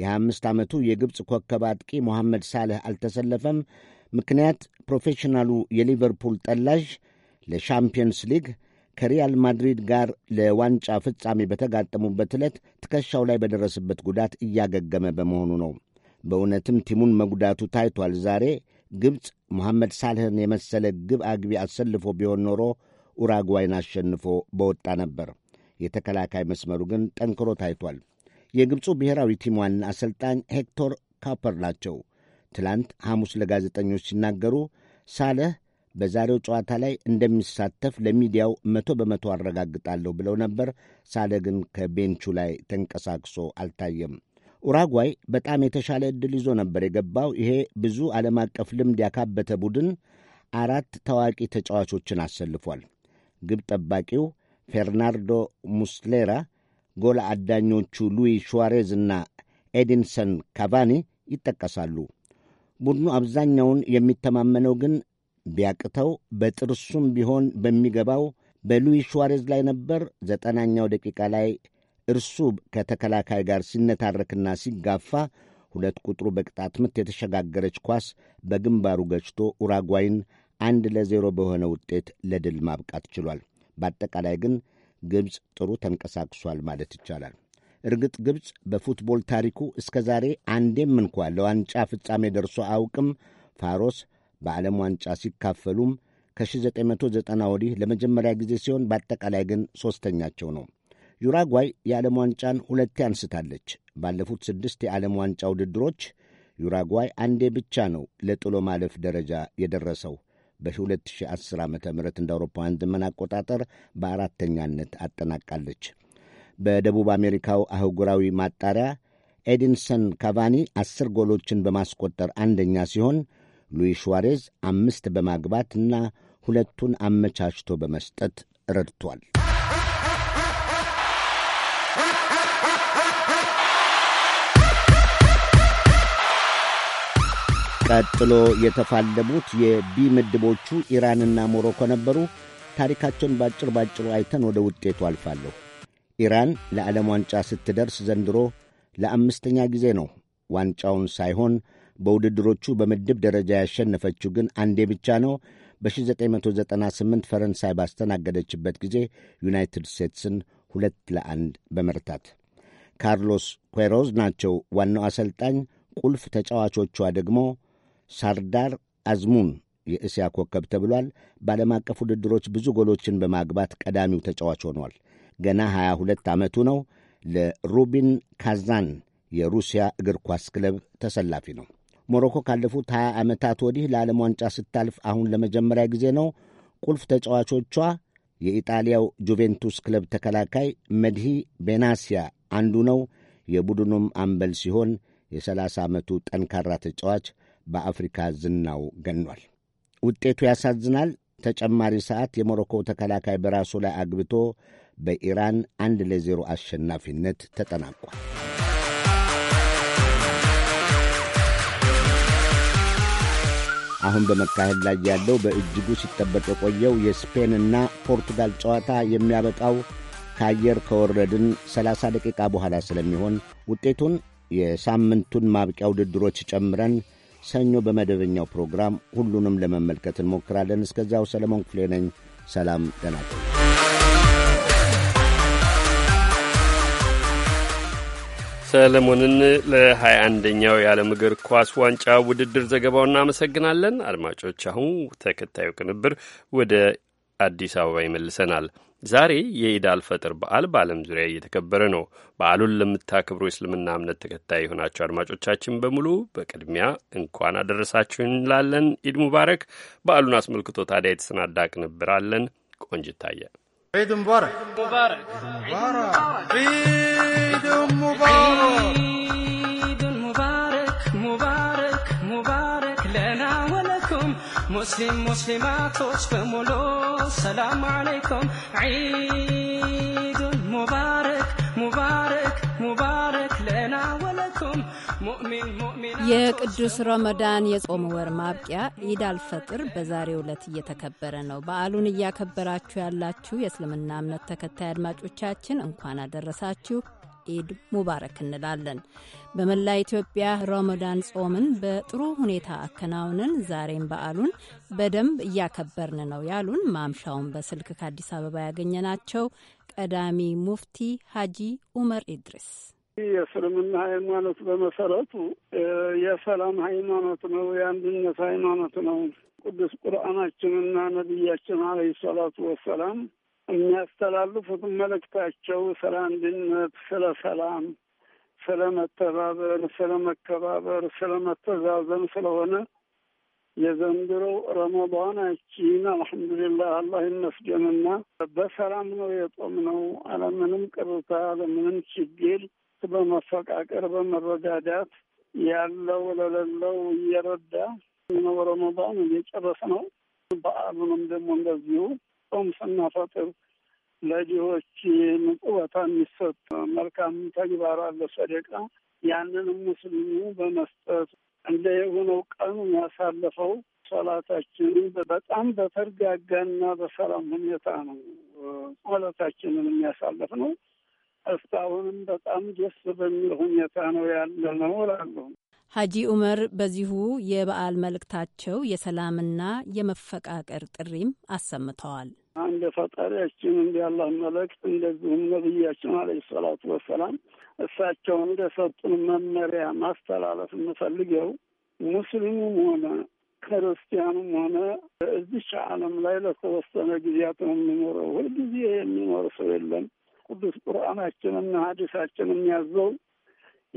የ25 ዓመቱ የግብፅ ኮከብ አጥቂ ሞሐመድ ሳልህ አልተሰለፈም። ምክንያት ፕሮፌሽናሉ የሊቨርፑል ጠላዥ ለሻምፒየንስ ሊግ ከሪያል ማድሪድ ጋር ለዋንጫ ፍጻሜ በተጋጠሙበት ዕለት ትከሻው ላይ በደረሰበት ጉዳት እያገገመ በመሆኑ ነው። በእውነትም ቲሙን መጉዳቱ ታይቷል። ዛሬ ግብፅ መሐመድ ሳልህን የመሰለ ግብ አግቢ አሰልፎ ቢሆን ኖሮ ኡራጓይን አሸንፎ በወጣ ነበር። የተከላካይ መስመሩ ግን ጠንክሮ ታይቷል። የግብፁ ብሔራዊ ቲም ዋና አሰልጣኝ ሄክቶር ካፐር ናቸው። ትላንት ሐሙስ ለጋዜጠኞች ሲናገሩ ሳለህ በዛሬው ጨዋታ ላይ እንደሚሳተፍ ለሚዲያው መቶ በመቶ አረጋግጣለሁ ብለው ነበር። ሳለ ግን ከቤንቹ ላይ ተንቀሳቅሶ አልታየም። ኡራጓይ በጣም የተሻለ ዕድል ይዞ ነበር የገባው። ይሄ ብዙ ዓለም አቀፍ ልምድ ያካበተ ቡድን አራት ታዋቂ ተጫዋቾችን አሰልፏል። ግብ ጠባቂው ፌርናንዶ ሙስሌራ ጎል አዳኞቹ ሉዊ ሹዋሬዝ እና ኤዲንሰን ካቫኒ ይጠቀሳሉ። ቡድኑ አብዛኛውን የሚተማመነው ግን ቢያቅተው በጥርሱም ቢሆን በሚገባው በሉዊ ሹዋሬዝ ላይ ነበር። ዘጠናኛው ደቂቃ ላይ እርሱ ከተከላካይ ጋር ሲነታረክና ሲጋፋ ሁለት ቁጥሩ በቅጣት ምት የተሸጋገረች ኳስ በግንባሩ ገጭቶ ኡራጓይን አንድ ለዜሮ በሆነ ውጤት ለድል ማብቃት ችሏል። በአጠቃላይ ግን ግብፅ ጥሩ ተንቀሳቅሷል ማለት ይቻላል። እርግጥ ግብፅ በፉትቦል ታሪኩ እስከ ዛሬ አንዴም እንኳ ለዋንጫ ፍጻሜ ደርሶ አውቅም። ፋሮስ በዓለም ዋንጫ ሲካፈሉም ከ1990 ወዲህ ለመጀመሪያ ጊዜ ሲሆን በአጠቃላይ ግን ሦስተኛቸው ነው። ዩራጓይ የዓለም ዋንጫን ሁለቴ አንስታለች። ባለፉት ስድስት የዓለም ዋንጫ ውድድሮች ዩራጓይ አንዴ ብቻ ነው ለጥሎ ማለፍ ደረጃ የደረሰው። በ2010 ዓ ም እንደ አውሮፓውያን ዘመን አቆጣጠር በአራተኛነት አጠናቃለች። በደቡብ አሜሪካው አህጉራዊ ማጣሪያ ኤዲንሰን ካቫኒ አስር ጎሎችን በማስቆጠር አንደኛ ሲሆን ሉዊስ ሹዋሬዝ አምስት በማግባትና ሁለቱን አመቻችቶ በመስጠት ረድቷል። ቀጥሎ የተፋለሙት የቢ ምድቦቹ ኢራንና ሞሮኮ ነበሩ። ታሪካቸውን ባጭር ባጭሩ አይተን ወደ ውጤቱ አልፋለሁ። ኢራን ለዓለም ዋንጫ ስትደርስ ዘንድሮ ለአምስተኛ ጊዜ ነው። ዋንጫውን ሳይሆን በውድድሮቹ በምድብ ደረጃ ያሸነፈችው ግን አንዴ ብቻ ነው። በ1998 ፈረንሳይ ባስተናገደችበት ጊዜ ዩናይትድ ስቴትስን ሁለት ለአንድ በመርታት ካርሎስ ኩዌሮዝ ናቸው ዋናው አሰልጣኝ። ቁልፍ ተጫዋቾቿ ደግሞ ሳርዳር አዝሙን የእስያ ኮከብ ተብሏል። በዓለም አቀፍ ውድድሮች ብዙ ጎሎችን በማግባት ቀዳሚው ተጫዋች ሆኗል። ገና 22 ዓመቱ ነው። ለሩቢን ካዛን የሩሲያ እግር ኳስ ክለብ ተሰላፊ ነው። ሞሮኮ ካለፉት 20 ዓመታት ወዲህ ለዓለም ዋንጫ ስታልፍ አሁን ለመጀመሪያ ጊዜ ነው። ቁልፍ ተጫዋቾቿ የኢጣሊያው ጁቬንቱስ ክለብ ተከላካይ መድሂ ቤናሲያ አንዱ ነው። የቡድኑም አምበል ሲሆን የ30 ዓመቱ ጠንካራ ተጫዋች በአፍሪካ ዝናው ገኗል። ውጤቱ ያሳዝናል። ተጨማሪ ሰዓት የሞሮኮ ተከላካይ በራሱ ላይ አግብቶ በኢራን አንድ ለዜሮ አሸናፊነት ተጠናቋል። አሁን በመካሄድ ላይ ያለው በእጅጉ ሲጠበቅ የቆየው የስፔንና ፖርቱጋል ጨዋታ የሚያበቃው ከአየር ከወረድን 30 ደቂቃ በኋላ ስለሚሆን ውጤቱን የሳምንቱን ማብቂያ ውድድሮች ጨምረን ሰኞ በመደበኛው ፕሮግራም ሁሉንም ለመመልከት እንሞክራለን። እስከዚያው ሰለሞን ክፍሌ ነኝ። ሰላም ደናቸው። ሰለሞንን ለ21ኛው የዓለም እግር ኳስ ዋንጫ ውድድር ዘገባው እናመሰግናለን። አድማጮች፣ አሁን ተከታዩ ቅንብር ወደ አዲስ አበባ ይመልሰናል። ዛሬ የኢድ አልፈጥር በዓል በዓለም ዙሪያ እየተከበረ ነው። በዓሉን ለምታከብሩ የእስልምና እምነት ተከታይ የሆናቸው አድማጮቻችን በሙሉ በቅድሚያ እንኳን አደረሳችሁ እንላለን። ኢድ ሙባረክ። በዓሉን አስመልክቶ ታዲያ የተሰናዳ ቅንብር አለን። ቆንጅ ይታየ ሙባረክ ሙባረክ ሙባረክ ሙባረክ ለናወ አለይኩም ሙስሊም ሙስሊማቶች በሙሉ ሰላም አለይኩም ዒዱን ሙባረክ ሙባረክ ሙባረክ ለና ወለኩም ሙእሚን ሙእሚና የቅዱስ ረመዳን የጾም ወር ማብቂያ ኢድ አልፈጥር በዛሬ ዕለት እየተከበረ ነው። በዓሉን እያከበራችሁ ያላችሁ የእስልምና እምነት ተከታይ አድማጮቻችን እንኳን አደረሳችሁ። ኢድ ሙባረክ እንላለን። በመላ ኢትዮጵያ ረመዳን ጾምን በጥሩ ሁኔታ አከናውንን ዛሬም በዓሉን በደንብ እያከበርን ነው ያሉን ማምሻውን በስልክ ከአዲስ አበባ ያገኘናቸው ቀዳሚ ሙፍቲ ሀጂ ኡመር ኢድሪስ የእስልምና ሃይማኖት በመሰረቱ የሰላም ሃይማኖት ነው፣ የአንድነት ሃይማኖት ነው። ቅዱስ ቁርአናችንና ነቢያችን አለይሂ ሰላቱ ወሰላም የሚያስተላልፉት መልእክታቸው ስለ አንድነት፣ ስለ ሰላም፣ ስለ መተባበር፣ ስለ መከባበር፣ ስለ መተዛዘን ስለሆነ የዘንድሮ ረመዳናችን አልሐምዱሊላህ አላህ ይመስገንና በሰላም ነው የጾም ነው አለምንም ቅርታ አለምንም ችግር በመፈቃቀር በመረዳዳት ያለው ለሌለው እየረዳ ነው ረመዳን እየጨረስ ነው። በዓሉንም ደግሞ እንደዚሁ ጾም ስናፈጥር ለድሆች ቦታ የሚሰጥ መልካም ተግባር አለ ሰደቃ። ያንንም ሙስሊሙ በመስጠት እንደ የሆነው ቀኑ ያሳለፈው ሶላታችንን በጣም በተረጋጋና በሰላም ሁኔታ ነው ሶላታችንን የሚያሳልፍ ነው። እስካሁንም በጣም ደስ በሚል ሁኔታ ነው ያለ ነው እላለሁ። ሐጂ ኡመር በዚሁ የበዓል መልእክታቸው የሰላምና የመፈቃቀር ጥሪም አሰምተዋል። አንድ ፈጣሪያችን እንዲ አላህ መልእክት እንደዚሁም ነብያችን አለ ሰላቱ ወሰላም እሳቸው እንደሰጡን መመሪያ ማስተላለፍ የምፈልገው ሙስሊሙም ሆነ ክርስቲያኑም ሆነ እዚች ዓለም ላይ ለተወሰነ ጊዜያት ነው የሚኖረው። ሁልጊዜ የሚኖር ሰው የለም። ቅዱስ ቁርአናችንና ሀዲሳችን የሚያዘው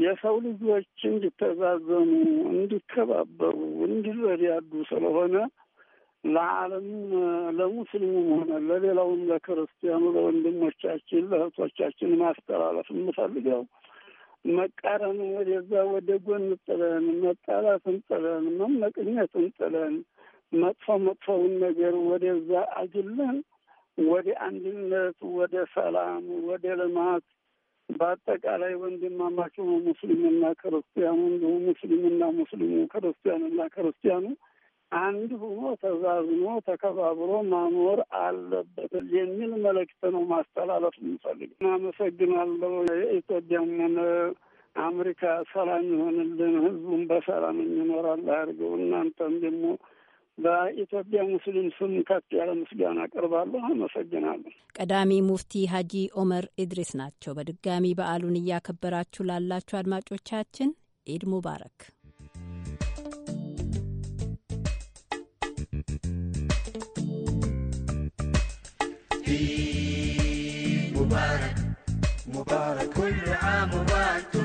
የሰው ልጆች እንዲተዛዘኑ፣ እንዲከባበሩ፣ እንዲረዳዱ ስለሆነ ለዓለም ለሙስሊሙም ሆነ ለሌላውም ለክርስቲያኑ ለወንድሞቻችን ለእህቶቻችን ማስተላለፍ የምፈልገው መቃረን ወደዛ ወደ ጎን ጥለን መጣላትን ጥለን መመቅኘትን ጥለን መጥፎ መጥፎውን ነገር ወደዛ አግለን ወደ አንድነት፣ ወደ ሰላም፣ ወደ ልማት በአጠቃላይ ወንድማማቸው ሙስሊምና ክርስቲያኑ እንዲሁም ሙስሊምና ሙስሊሙ ክርስቲያኑና ክርስቲያኑ አንድ ሆኖ ተዛዝኖ ተከባብሮ ማኖር አለበት የሚል መልእክት ነው ማስተላለፍ የምፈልግ። አመሰግናለሁ። የኢትዮጵያም ሆነ አሜሪካ ሰላም ይሆንልን፣ ህዝቡን በሰላም እንኖራል አድርገው እናንተም ደግሞ በኢትዮጵያ ሙስሊም ስም ከፍ ያለ ምስጋና አቀርባለሁ። አመሰግናለሁ። ቀዳሚ ሙፍቲ ሀጂ ኦመር ኢድሪስ ናቸው። በድጋሚ በዓሉን እያከበራችሁ ላላችሁ አድማጮቻችን ኢድ ሙባረክ። ሙባረክ ሙባረክ ኩሉ ዓም ዋንቱም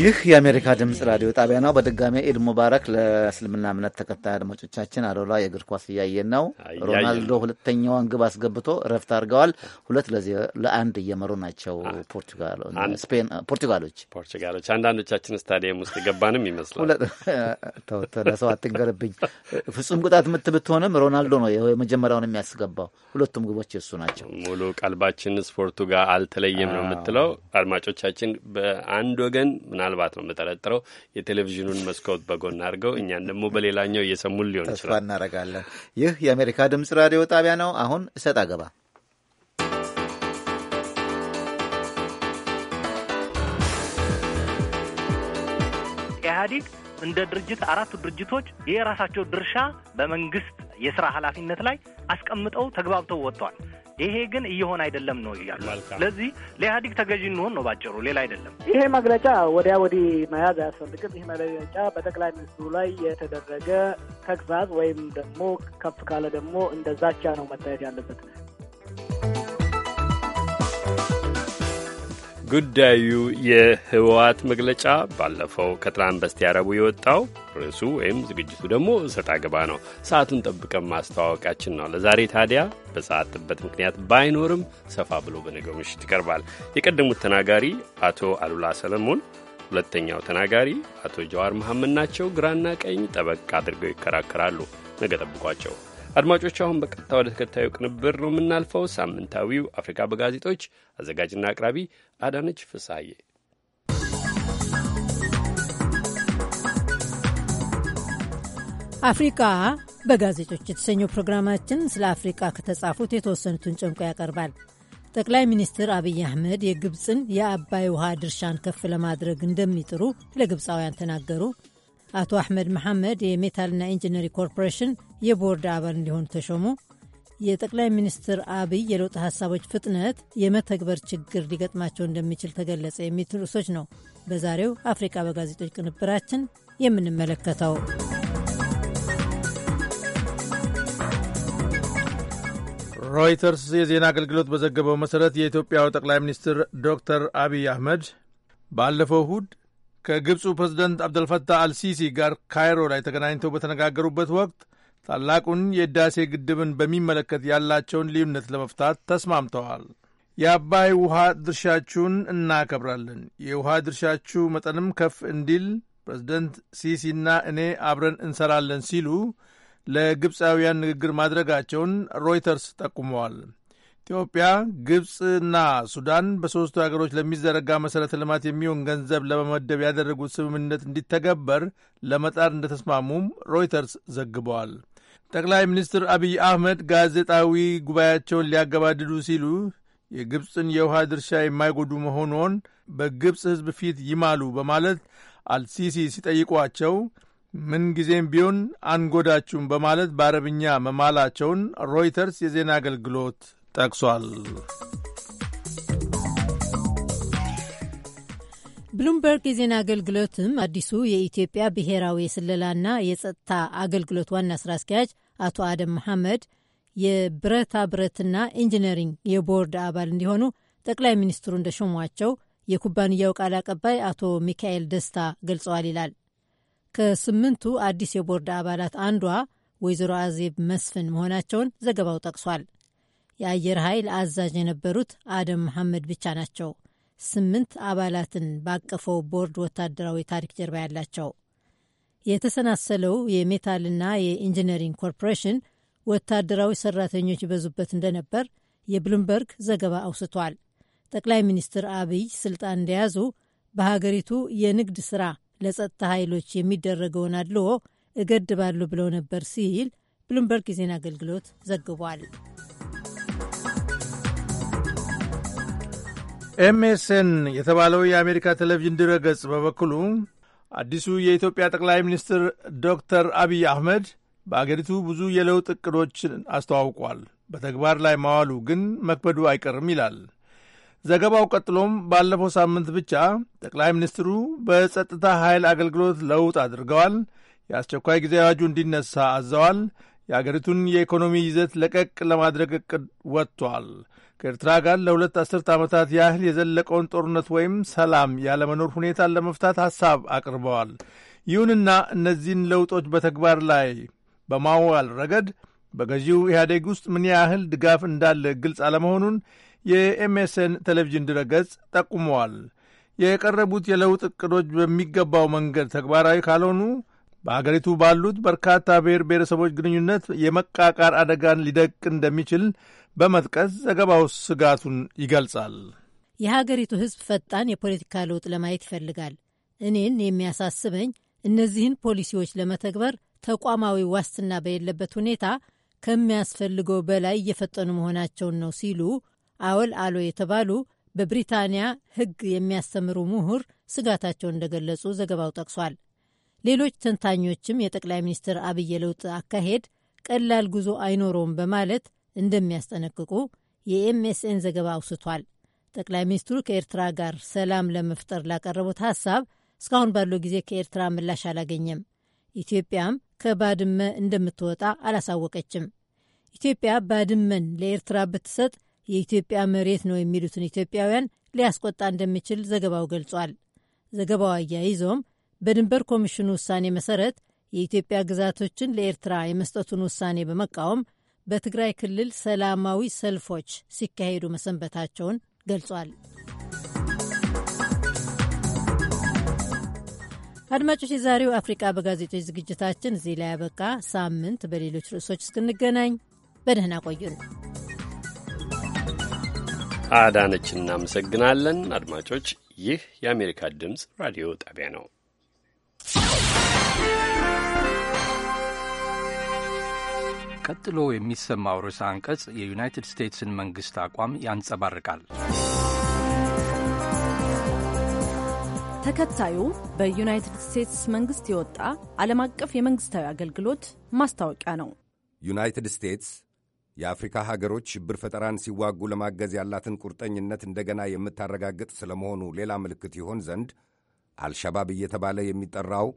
ይህ የአሜሪካ ድምፅ ራዲዮ ጣቢያ ነው። በድጋሚ ኢድ ሙባረክ ለእስልምና እምነት ተከታይ አድማጮቻችን። አዶላ የእግር ኳስ እያየን ነው። ሮናልዶ ሁለተኛዋን ግብ አስገብቶ ረፍት አድርገዋል። ሁለት ለአንድ እየመሩ ናቸው ፖርቱጋሎች። ፖርቱጋሎች አንዳንዶቻችን ስታዲየም ውስጥ የገባንም ይመስላል። ለሰው አትንገርብኝ። ፍጹም ቅጣት ምት ብትሆንም ሮናልዶ ነው የመጀመሪያውን የሚያስገባው። ሁለቱም ግቦች የሱ ናቸው። ሙሉ ቀልባችን ስፖርቱ ጋር አልተለየም ነው የምትለው አድማጮቻችን በአንድ ወገን ምናልባት ነው የምጠረጥረው የቴሌቪዥኑን መስኮት በጎን አድርገው እኛን ደግሞ በሌላኛው እየሰሙን ሊሆን ይችላል። ተስፋ እናደርጋለን። ይህ የአሜሪካ ድምጽ ራዲዮ ጣቢያ ነው። አሁን እሰጥ አገባ ኢህአዲግ እንደ ድርጅት አራቱ ድርጅቶች የራሳቸው ድርሻ በመንግስት የስራ ኃላፊነት ላይ አስቀምጠው ተግባብተው ወጥተዋል። ይሄ ግን እየሆነ አይደለም ነው እያሉ። ስለዚህ ለኢህአዲግ ተገዢ እንሆን ነው ባጭሩ፣ ሌላ አይደለም። ይሄ መግለጫ ወዲያ ወዲህ መያዝ አያስፈልግም። ይህ መግለጫ በጠቅላይ ሚኒስትሩ ላይ የተደረገ ተግዛዝ ወይም ደግሞ ከፍ ካለ ደግሞ እንደዛቻ ነው መታየት ያለበት። ጉዳዩ የህወሓት መግለጫ ባለፈው ከትላንት በስቲያ ረቡዕ የወጣው ርዕሱ ወይም ዝግጅቱ ደግሞ እሰጥ አገባ ነው። ሰዓቱን ጠብቀን ማስተዋወቂያችን ነው። ለዛሬ ታዲያ በሰዓት ጥበት ምክንያት ባይኖርም ሰፋ ብሎ በነገው ምሽት ይቀርባል። የቀደሙት ተናጋሪ አቶ አሉላ ሰለሞን፣ ሁለተኛው ተናጋሪ አቶ ጀዋር መሐመድ ናቸው። ግራና ቀኝ ጠበቅ አድርገው ይከራከራሉ። ነገ ጠብቋቸው። አድማጮች አሁን በቀጥታ ወደ ተከታዩ ቅንብር ነው የምናልፈው። ሳምንታዊው አፍሪካ በጋዜጦች አዘጋጅና አቅራቢ አዳነች ፍሳሐዬ። አፍሪካ በጋዜጦች የተሰኘው ፕሮግራማችን ስለ አፍሪካ ከተጻፉት የተወሰኑትን ጨምቆ ያቀርባል። ጠቅላይ ሚኒስትር አብይ አህመድ የግብፅን የአባይ ውሃ ድርሻን ከፍ ለማድረግ እንደሚጥሩ ለግብፃውያን ተናገሩ። አቶ አሕመድ መሐመድ የሜታልና ኢንጂነሪንግ ኮርፖሬሽን የቦርድ አባል እንዲሆኑ ተሾሙ። የጠቅላይ ሚኒስትር አብይ የለውጥ ሀሳቦች ፍጥነት የመተግበር ችግር ሊገጥማቸው እንደሚችል ተገለጸ። የሚሉት ርዕሶች ነው በዛሬው አፍሪቃ በጋዜጦች ቅንብራችን የምንመለከተው። ሮይተርስ የዜና አገልግሎት በዘገበው መሠረት የኢትዮጵያው ጠቅላይ ሚኒስትር ዶክተር አብይ አህመድ ባለፈው እሁድ ከግብፁ ፕሬዝደንት አብደልፈታህ አልሲሲ ጋር ካይሮ ላይ ተገናኝተው በተነጋገሩበት ወቅት ታላቁን የህዳሴ ግድብን በሚመለከት ያላቸውን ልዩነት ለመፍታት ተስማምተዋል። የአባይ ውሃ ድርሻችሁን እናከብራለን፣ የውሃ ድርሻችሁ መጠንም ከፍ እንዲል ፕሬዝደንት ሲሲና እኔ አብረን እንሰራለን ሲሉ ለግብፃውያን ንግግር ማድረጋቸውን ሮይተርስ ጠቁመዋል። ኢትዮጵያ፣ ግብፅና ሱዳን በሦስቱ ሀገሮች ለሚዘረጋ መሠረተ ልማት የሚሆን ገንዘብ ለመመደብ ያደረጉት ስምምነት እንዲተገበር ለመጣር እንደተስማሙም ሮይተርስ ዘግበዋል። ጠቅላይ ሚኒስትር አብይ አህመድ ጋዜጣዊ ጉባኤያቸውን ሊያገባድዱ ሲሉ የግብፅን የውሃ ድርሻ የማይጎዱ መሆኑን በግብፅ ሕዝብ ፊት ይማሉ በማለት አልሲሲ ሲጠይቋቸው ምንጊዜም ቢሆን አንጎዳችሁም በማለት በአረብኛ መማላቸውን ሮይተርስ የዜና አገልግሎት ጠቅሷል። ብሉምበርግ የዜና አገልግሎትም አዲሱ የኢትዮጵያ ብሔራዊ የስለላና የጸጥታ አገልግሎት ዋና ስራ አስኪያጅ አቶ አደም መሐመድ የብረታ ብረትና ኢንጂነሪንግ የቦርድ አባል እንዲሆኑ ጠቅላይ ሚኒስትሩ እንደሾሟቸው የኩባንያው ቃል አቀባይ አቶ ሚካኤል ደስታ ገልጸዋል ይላል። ከስምንቱ አዲስ የቦርድ አባላት አንዷ ወይዘሮ አዜብ መስፍን መሆናቸውን ዘገባው ጠቅሷል። የአየር ኃይል አዛዥ የነበሩት አደም መሐመድ ብቻ ናቸው ስምንት አባላትን ባቀፈው ቦርድ ወታደራዊ ታሪክ ጀርባ ያላቸው። የተሰናሰለው የሜታልና የኢንጂነሪንግ ኮርፖሬሽን ወታደራዊ ሰራተኞች ይበዙበት እንደነበር የብሉምበርግ ዘገባ አውስቷል። ጠቅላይ ሚኒስትር አብይ ስልጣን እንደያዙ በሀገሪቱ የንግድ ሥራ ለጸጥታ ኃይሎች የሚደረገውን አድልዎ እገድባሉ ብለው ነበር ሲል ብሉምበርግ የዜና አገልግሎት ዘግቧል። ኤምኤስኤን የተባለው የአሜሪካ ቴሌቪዥን ድረገጽ በበኩሉ አዲሱ የኢትዮጵያ ጠቅላይ ሚኒስትር ዶክተር አብይ አህመድ በአገሪቱ ብዙ የለውጥ እቅዶችን አስተዋውቋል። በተግባር ላይ ማዋሉ ግን መክበዱ አይቀርም ይላል ዘገባው። ቀጥሎም ባለፈው ሳምንት ብቻ ጠቅላይ ሚኒስትሩ በጸጥታ ኃይል አገልግሎት ለውጥ አድርገዋል፣ የአስቸኳይ ጊዜ አዋጁ እንዲነሳ አዘዋል፣ የአገሪቱን የኢኮኖሚ ይዘት ለቀቅ ለማድረግ እቅድ ወጥቷል። ከኤርትራ ጋር ለሁለት አስርት ዓመታት ያህል የዘለቀውን ጦርነት ወይም ሰላም ያለመኖር ሁኔታን ለመፍታት ሐሳብ አቅርበዋል። ይሁንና እነዚህን ለውጦች በተግባር ላይ በማዋል ረገድ በገዢው ኢህአዴግ ውስጥ ምን ያህል ድጋፍ እንዳለ ግልጽ አለመሆኑን የኤምኤስኤን ቴሌቪዥን ድረገጽ ጠቁመዋል። የቀረቡት የለውጥ ዕቅዶች በሚገባው መንገድ ተግባራዊ ካልሆኑ በአገሪቱ ባሉት በርካታ ብሔር ብሔረሰቦች ግንኙነት የመቃቃር አደጋን ሊደቅ እንደሚችል በመጥቀስ ዘገባው ስጋቱን ይገልጻል። የሀገሪቱ ሕዝብ ፈጣን የፖለቲካ ለውጥ ለማየት ይፈልጋል። እኔን የሚያሳስበኝ እነዚህን ፖሊሲዎች ለመተግበር ተቋማዊ ዋስትና በሌለበት ሁኔታ ከሚያስፈልገው በላይ እየፈጠኑ መሆናቸውን ነው ሲሉ አወል አሎ የተባሉ በብሪታንያ ሕግ የሚያስተምሩ ምሁር ስጋታቸውን እንደገለጹ ዘገባው ጠቅሷል። ሌሎች ተንታኞችም የጠቅላይ ሚኒስትር አብይ ለውጥ አካሄድ ቀላል ጉዞ አይኖረውም በማለት እንደሚያስጠነቅቁ የኤምኤስኤን ዘገባ አውስቷል። ጠቅላይ ሚኒስትሩ ከኤርትራ ጋር ሰላም ለመፍጠር ላቀረቡት ሀሳብ እስካሁን ባለው ጊዜ ከኤርትራ ምላሽ አላገኘም። ኢትዮጵያም ከባድመ እንደምትወጣ አላሳወቀችም። ኢትዮጵያ ባድመን ለኤርትራ ብትሰጥ የኢትዮጵያ መሬት ነው የሚሉትን ኢትዮጵያውያን ሊያስቆጣ እንደሚችል ዘገባው ገልጿል። ዘገባው አያይዞም በድንበር ኮሚሽኑ ውሳኔ መሰረት የኢትዮጵያ ግዛቶችን ለኤርትራ የመስጠቱን ውሳኔ በመቃወም በትግራይ ክልል ሰላማዊ ሰልፎች ሲካሄዱ መሰንበታቸውን ገልጿል። አድማጮች፣ የዛሬው አፍሪቃ በጋዜጦች ዝግጅታችን እዚህ ላይ ያበቃ። ሳምንት በሌሎች ርዕሶች እስክንገናኝ በደህና ቆዩን። አዳነች፣ እናመሰግናለን። አድማጮች፣ ይህ የአሜሪካ ድምፅ ራዲዮ ጣቢያ ነው። ቀጥሎ የሚሰማው ርዕሰ አንቀጽ የዩናይትድ ስቴትስን መንግሥት አቋም ያንጸባርቃል። ተከታዩ በዩናይትድ ስቴትስ መንግሥት የወጣ ዓለም አቀፍ የመንግሥታዊ አገልግሎት ማስታወቂያ ነው። ዩናይትድ ስቴትስ የአፍሪካ ሀገሮች ሽብር ፈጠራን ሲዋጉ ለማገዝ ያላትን ቁርጠኝነት እንደገና የምታረጋግጥ ስለመሆኑ ሌላ ምልክት ይሆን ዘንድ አልሸባብ እየተባለ የሚጠራው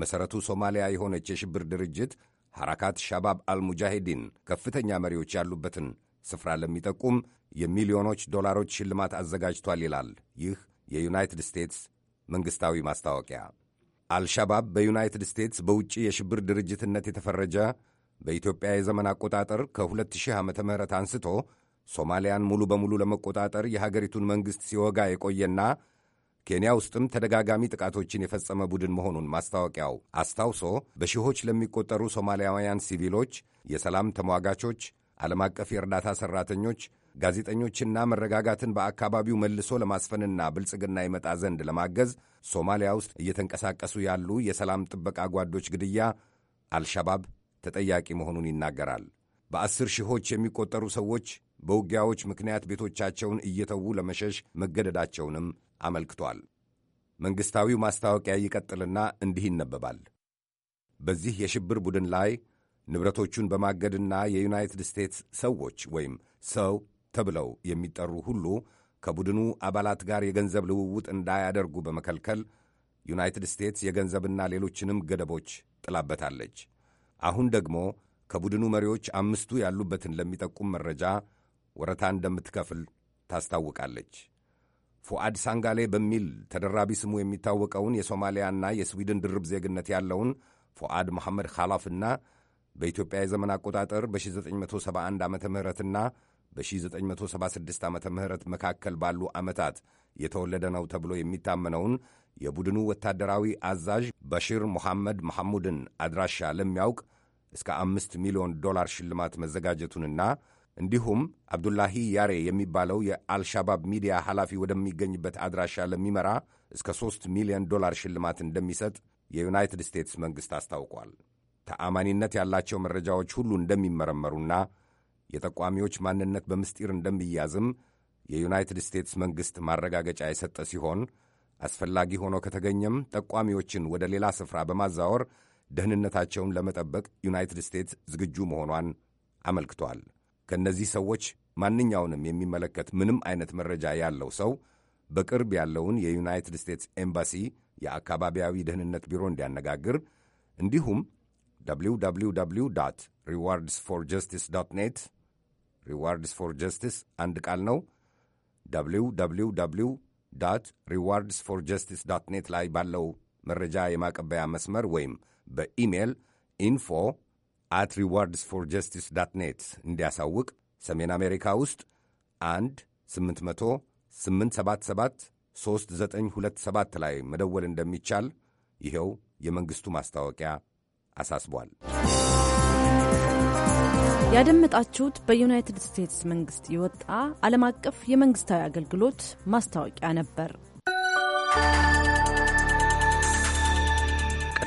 መሠረቱ ሶማሊያ የሆነች የሽብር ድርጅት ሐራካት ሸባብ አልሙጃሂዲን ከፍተኛ መሪዎች ያሉበትን ስፍራ ለሚጠቁም የሚሊዮኖች ዶላሮች ሽልማት አዘጋጅቷል ይላል ይህ የዩናይትድ ስቴትስ መንግሥታዊ ማስታወቂያ። አልሸባብ በዩናይትድ ስቴትስ በውጭ የሽብር ድርጅትነት የተፈረጀ በኢትዮጵያ የዘመን አቆጣጠር ከ2000 ዓ ም አንስቶ ሶማሊያን ሙሉ በሙሉ ለመቆጣጠር የሀገሪቱን መንግሥት ሲወጋ የቆየና ኬንያ ውስጥም ተደጋጋሚ ጥቃቶችን የፈጸመ ቡድን መሆኑን ማስታወቂያው አስታውሶ በሺዎች ለሚቆጠሩ ሶማሊያውያን ሲቪሎች፣ የሰላም ተሟጋቾች፣ ዓለም አቀፍ የእርዳታ ሠራተኞች፣ ጋዜጠኞችና መረጋጋትን በአካባቢው መልሶ ለማስፈንና ብልጽግና ይመጣ ዘንድ ለማገዝ ሶማሊያ ውስጥ እየተንቀሳቀሱ ያሉ የሰላም ጥበቃ ጓዶች ግድያ አልሸባብ ተጠያቂ መሆኑን ይናገራል። በአስር ሺዎች የሚቆጠሩ ሰዎች በውጊያዎች ምክንያት ቤቶቻቸውን እየተዉ ለመሸሽ መገደዳቸውንም አመልክቷል። መንግሥታዊው ማስታወቂያ ይቀጥልና እንዲህ ይነበባል። በዚህ የሽብር ቡድን ላይ ንብረቶቹን በማገድና የዩናይትድ ስቴትስ ሰዎች ወይም ሰው ተብለው የሚጠሩ ሁሉ ከቡድኑ አባላት ጋር የገንዘብ ልውውጥ እንዳያደርጉ በመከልከል ዩናይትድ ስቴትስ የገንዘብና ሌሎችንም ገደቦች ጥላበታለች። አሁን ደግሞ ከቡድኑ መሪዎች አምስቱ ያሉበትን ለሚጠቁም መረጃ ወረታ እንደምትከፍል ታስታውቃለች። ፉአድ ሳንጋሌ በሚል ተደራቢ ስሙ የሚታወቀውን የሶማሊያና የስዊድን ድርብ ዜግነት ያለውን ፉአድ መሐመድ ኻላፍና በኢትዮጵያ የዘመን አቆጣጠር በ1971 ዓ ምህረትና በ1976 ዓ ምህረት መካከል ባሉ ዓመታት የተወለደ ነው ተብሎ የሚታመነውን የቡድኑ ወታደራዊ አዛዥ በሺር ሙሐመድ መሐሙድን አድራሻ ለሚያውቅ እስከ አምስት ሚሊዮን ዶላር ሽልማት መዘጋጀቱንና እንዲሁም አብዱላሂ ያሬ የሚባለው የአልሻባብ ሚዲያ ኃላፊ ወደሚገኝበት አድራሻ ለሚመራ እስከ 3 ሚሊዮን ዶላር ሽልማት እንደሚሰጥ የዩናይትድ ስቴትስ መንግሥት አስታውቋል። ተአማኒነት ያላቸው መረጃዎች ሁሉ እንደሚመረመሩና የጠቋሚዎች ማንነት በምስጢር እንደሚያዝም የዩናይትድ ስቴትስ መንግሥት ማረጋገጫ የሰጠ ሲሆን አስፈላጊ ሆኖ ከተገኘም ጠቋሚዎችን ወደ ሌላ ስፍራ በማዛወር ደህንነታቸውን ለመጠበቅ ዩናይትድ ስቴትስ ዝግጁ መሆኗን አመልክቷል። ከእነዚህ ሰዎች ማንኛውንም የሚመለከት ምንም አይነት መረጃ ያለው ሰው በቅርብ ያለውን የዩናይትድ ስቴትስ ኤምባሲ የአካባቢያዊ ደህንነት ቢሮ እንዲያነጋግር እንዲሁም www ሪዋርድስ ፎር ጀስቲስ ዶት ኔት ሪዋርድስ ፎር ጀስቲስ አንድ ቃል ነው። www ሪዋርድስ ፎር ጀስቲስ ዶት ኔት ላይ ባለው መረጃ የማቀበያ መስመር ወይም በኢሜል ኢንፎ አት ሪዋርድስ ፎር ጀስቲስ ዳት ኔት እንዲያሳውቅ ሰሜን አሜሪካ ውስጥ 1 800 877 3927 ላይ መደወል እንደሚቻል ይኸው የመንግሥቱ ማስታወቂያ አሳስቧል። ያደመጣችሁት በዩናይትድ ስቴትስ መንግሥት የወጣ ዓለም አቀፍ የመንግሥታዊ አገልግሎት ማስታወቂያ ነበር።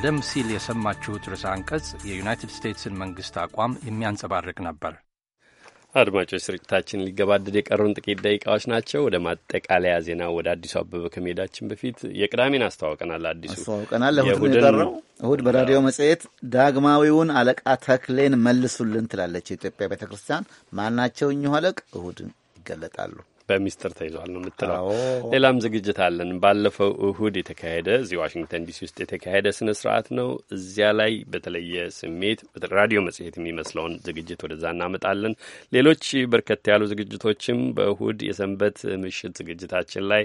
ቀደም ሲል የሰማችሁት ርዕሰ አንቀጽ የዩናይትድ ስቴትስን መንግሥት አቋም የሚያንጸባርቅ ነበር። አድማጮች፣ ስርጭታችን ሊገባደድ የቀሩን ጥቂት ደቂቃዎች ናቸው። ወደ ማጠቃለያ ዜና ወደ አዲሱ አበበ ከመሄዳችን በፊት የቅዳሜን አስተዋውቀናል። አዲሱ አስተዋውቀናል። እሁድ የቀረው እሁድ በራዲዮ መጽሔት ዳግማዊውን አለቃ ተክሌን መልሱልን ትላለች የኢትዮጵያ ቤተ ክርስቲያን። ማናቸው እኚሁ አለቅ? እሁድ ይገለጣሉ። በሚስጥር ተይዟል ነው የምትለው። ሌላም ዝግጅት አለን። ባለፈው እሁድ የተካሄደ እዚህ ዋሽንግተን ዲሲ ውስጥ የተካሄደ ስነ ስርዓት ነው። እዚያ ላይ በተለየ ስሜት ራዲዮ መጽሔት የሚመስለውን ዝግጅት ወደዛ እናመጣለን። ሌሎች በርከት ያሉ ዝግጅቶችም በእሁድ የሰንበት ምሽት ዝግጅታችን ላይ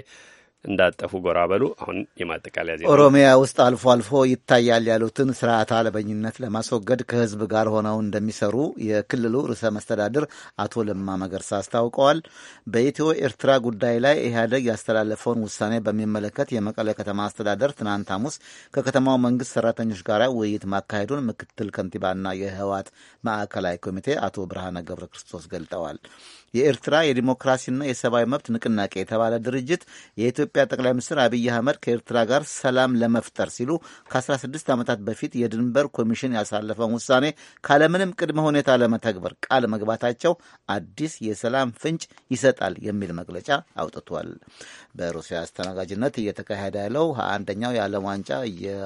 እንዳጠፉ ጎራ በሉ። አሁን የማጠቃለያ ዜና። ኦሮሚያ ውስጥ አልፎ አልፎ ይታያል ያሉትን ስርዓት አልበኝነት ለማስወገድ ከህዝብ ጋር ሆነው እንደሚሰሩ የክልሉ ርዕሰ መስተዳድር አቶ ለማ መገርሳ አስታውቀዋል። በኢትዮ ኤርትራ ጉዳይ ላይ ኢህአደግ ያስተላለፈውን ውሳኔ በሚመለከት የመቀለ ከተማ አስተዳደር ትናንት ሐሙስ ከከተማው መንግስት ሰራተኞች ጋር ውይይት ማካሄዱን ምክትል ከንቲባና የህወሓት ማዕከላዊ ኮሚቴ አቶ ብርሃነ ገብረ ክርስቶስ ገልጠዋል። የኤርትራ የዲሞክራሲና የሰብአዊ መብት ንቅናቄ የተባለ ድርጅት የኢትዮጵያ ጠቅላይ ሚኒስትር አብይ አህመድ ከኤርትራ ጋር ሰላም ለመፍጠር ሲሉ ከ16 ዓመታት በፊት የድንበር ኮሚሽን ያሳለፈውን ውሳኔ ካለምንም ቅድመ ሁኔታ ለመተግበር ቃል መግባታቸው አዲስ የሰላም ፍንጭ ይሰጣል የሚል መግለጫ አውጥቷል። በሩሲያ አስተናጋጅነት እየተካሄደ ያለው አንደኛው የዓለም ዋንጫ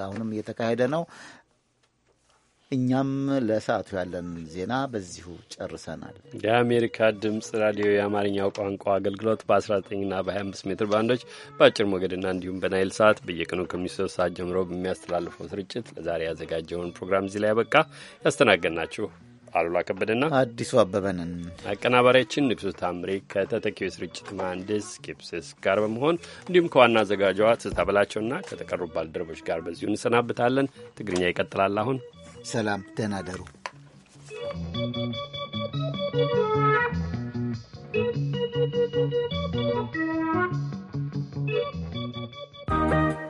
አሁንም እየተካሄደ ነው። እኛም ለሰዓቱ ያለን ዜና በዚሁ ጨርሰናል። የአሜሪካ ድምፅ ራዲዮ የአማርኛው ቋንቋ አገልግሎት በ19ና በ25 ሜትር ባንዶች በአጭር ሞገድና እንዲሁም በናይል ሰዓት በየቀኑ ከምሽቱ ሰዓት ጀምሮ በሚያስተላልፈው ስርጭት ለዛሬ ያዘጋጀውን ፕሮግራም እዚህ ላይ ያበቃ። ያስተናገድናችሁ አሉላ ከበደና አዲሱ አበበንን አቀናባሪያችን ንጉሱ ታምሬ ከተተኪው ስርጭት መሐንዲስ ኪፕስስ ጋር በመሆን እንዲሁም ከዋና አዘጋጇ ትዝታ በላቸውና ከተቀሩ ባልደረቦች ጋር በዚሁ እንሰናብታለን። ትግርኛ ይቀጥላል አሁን ሰላም ተናደሩ። Thank you.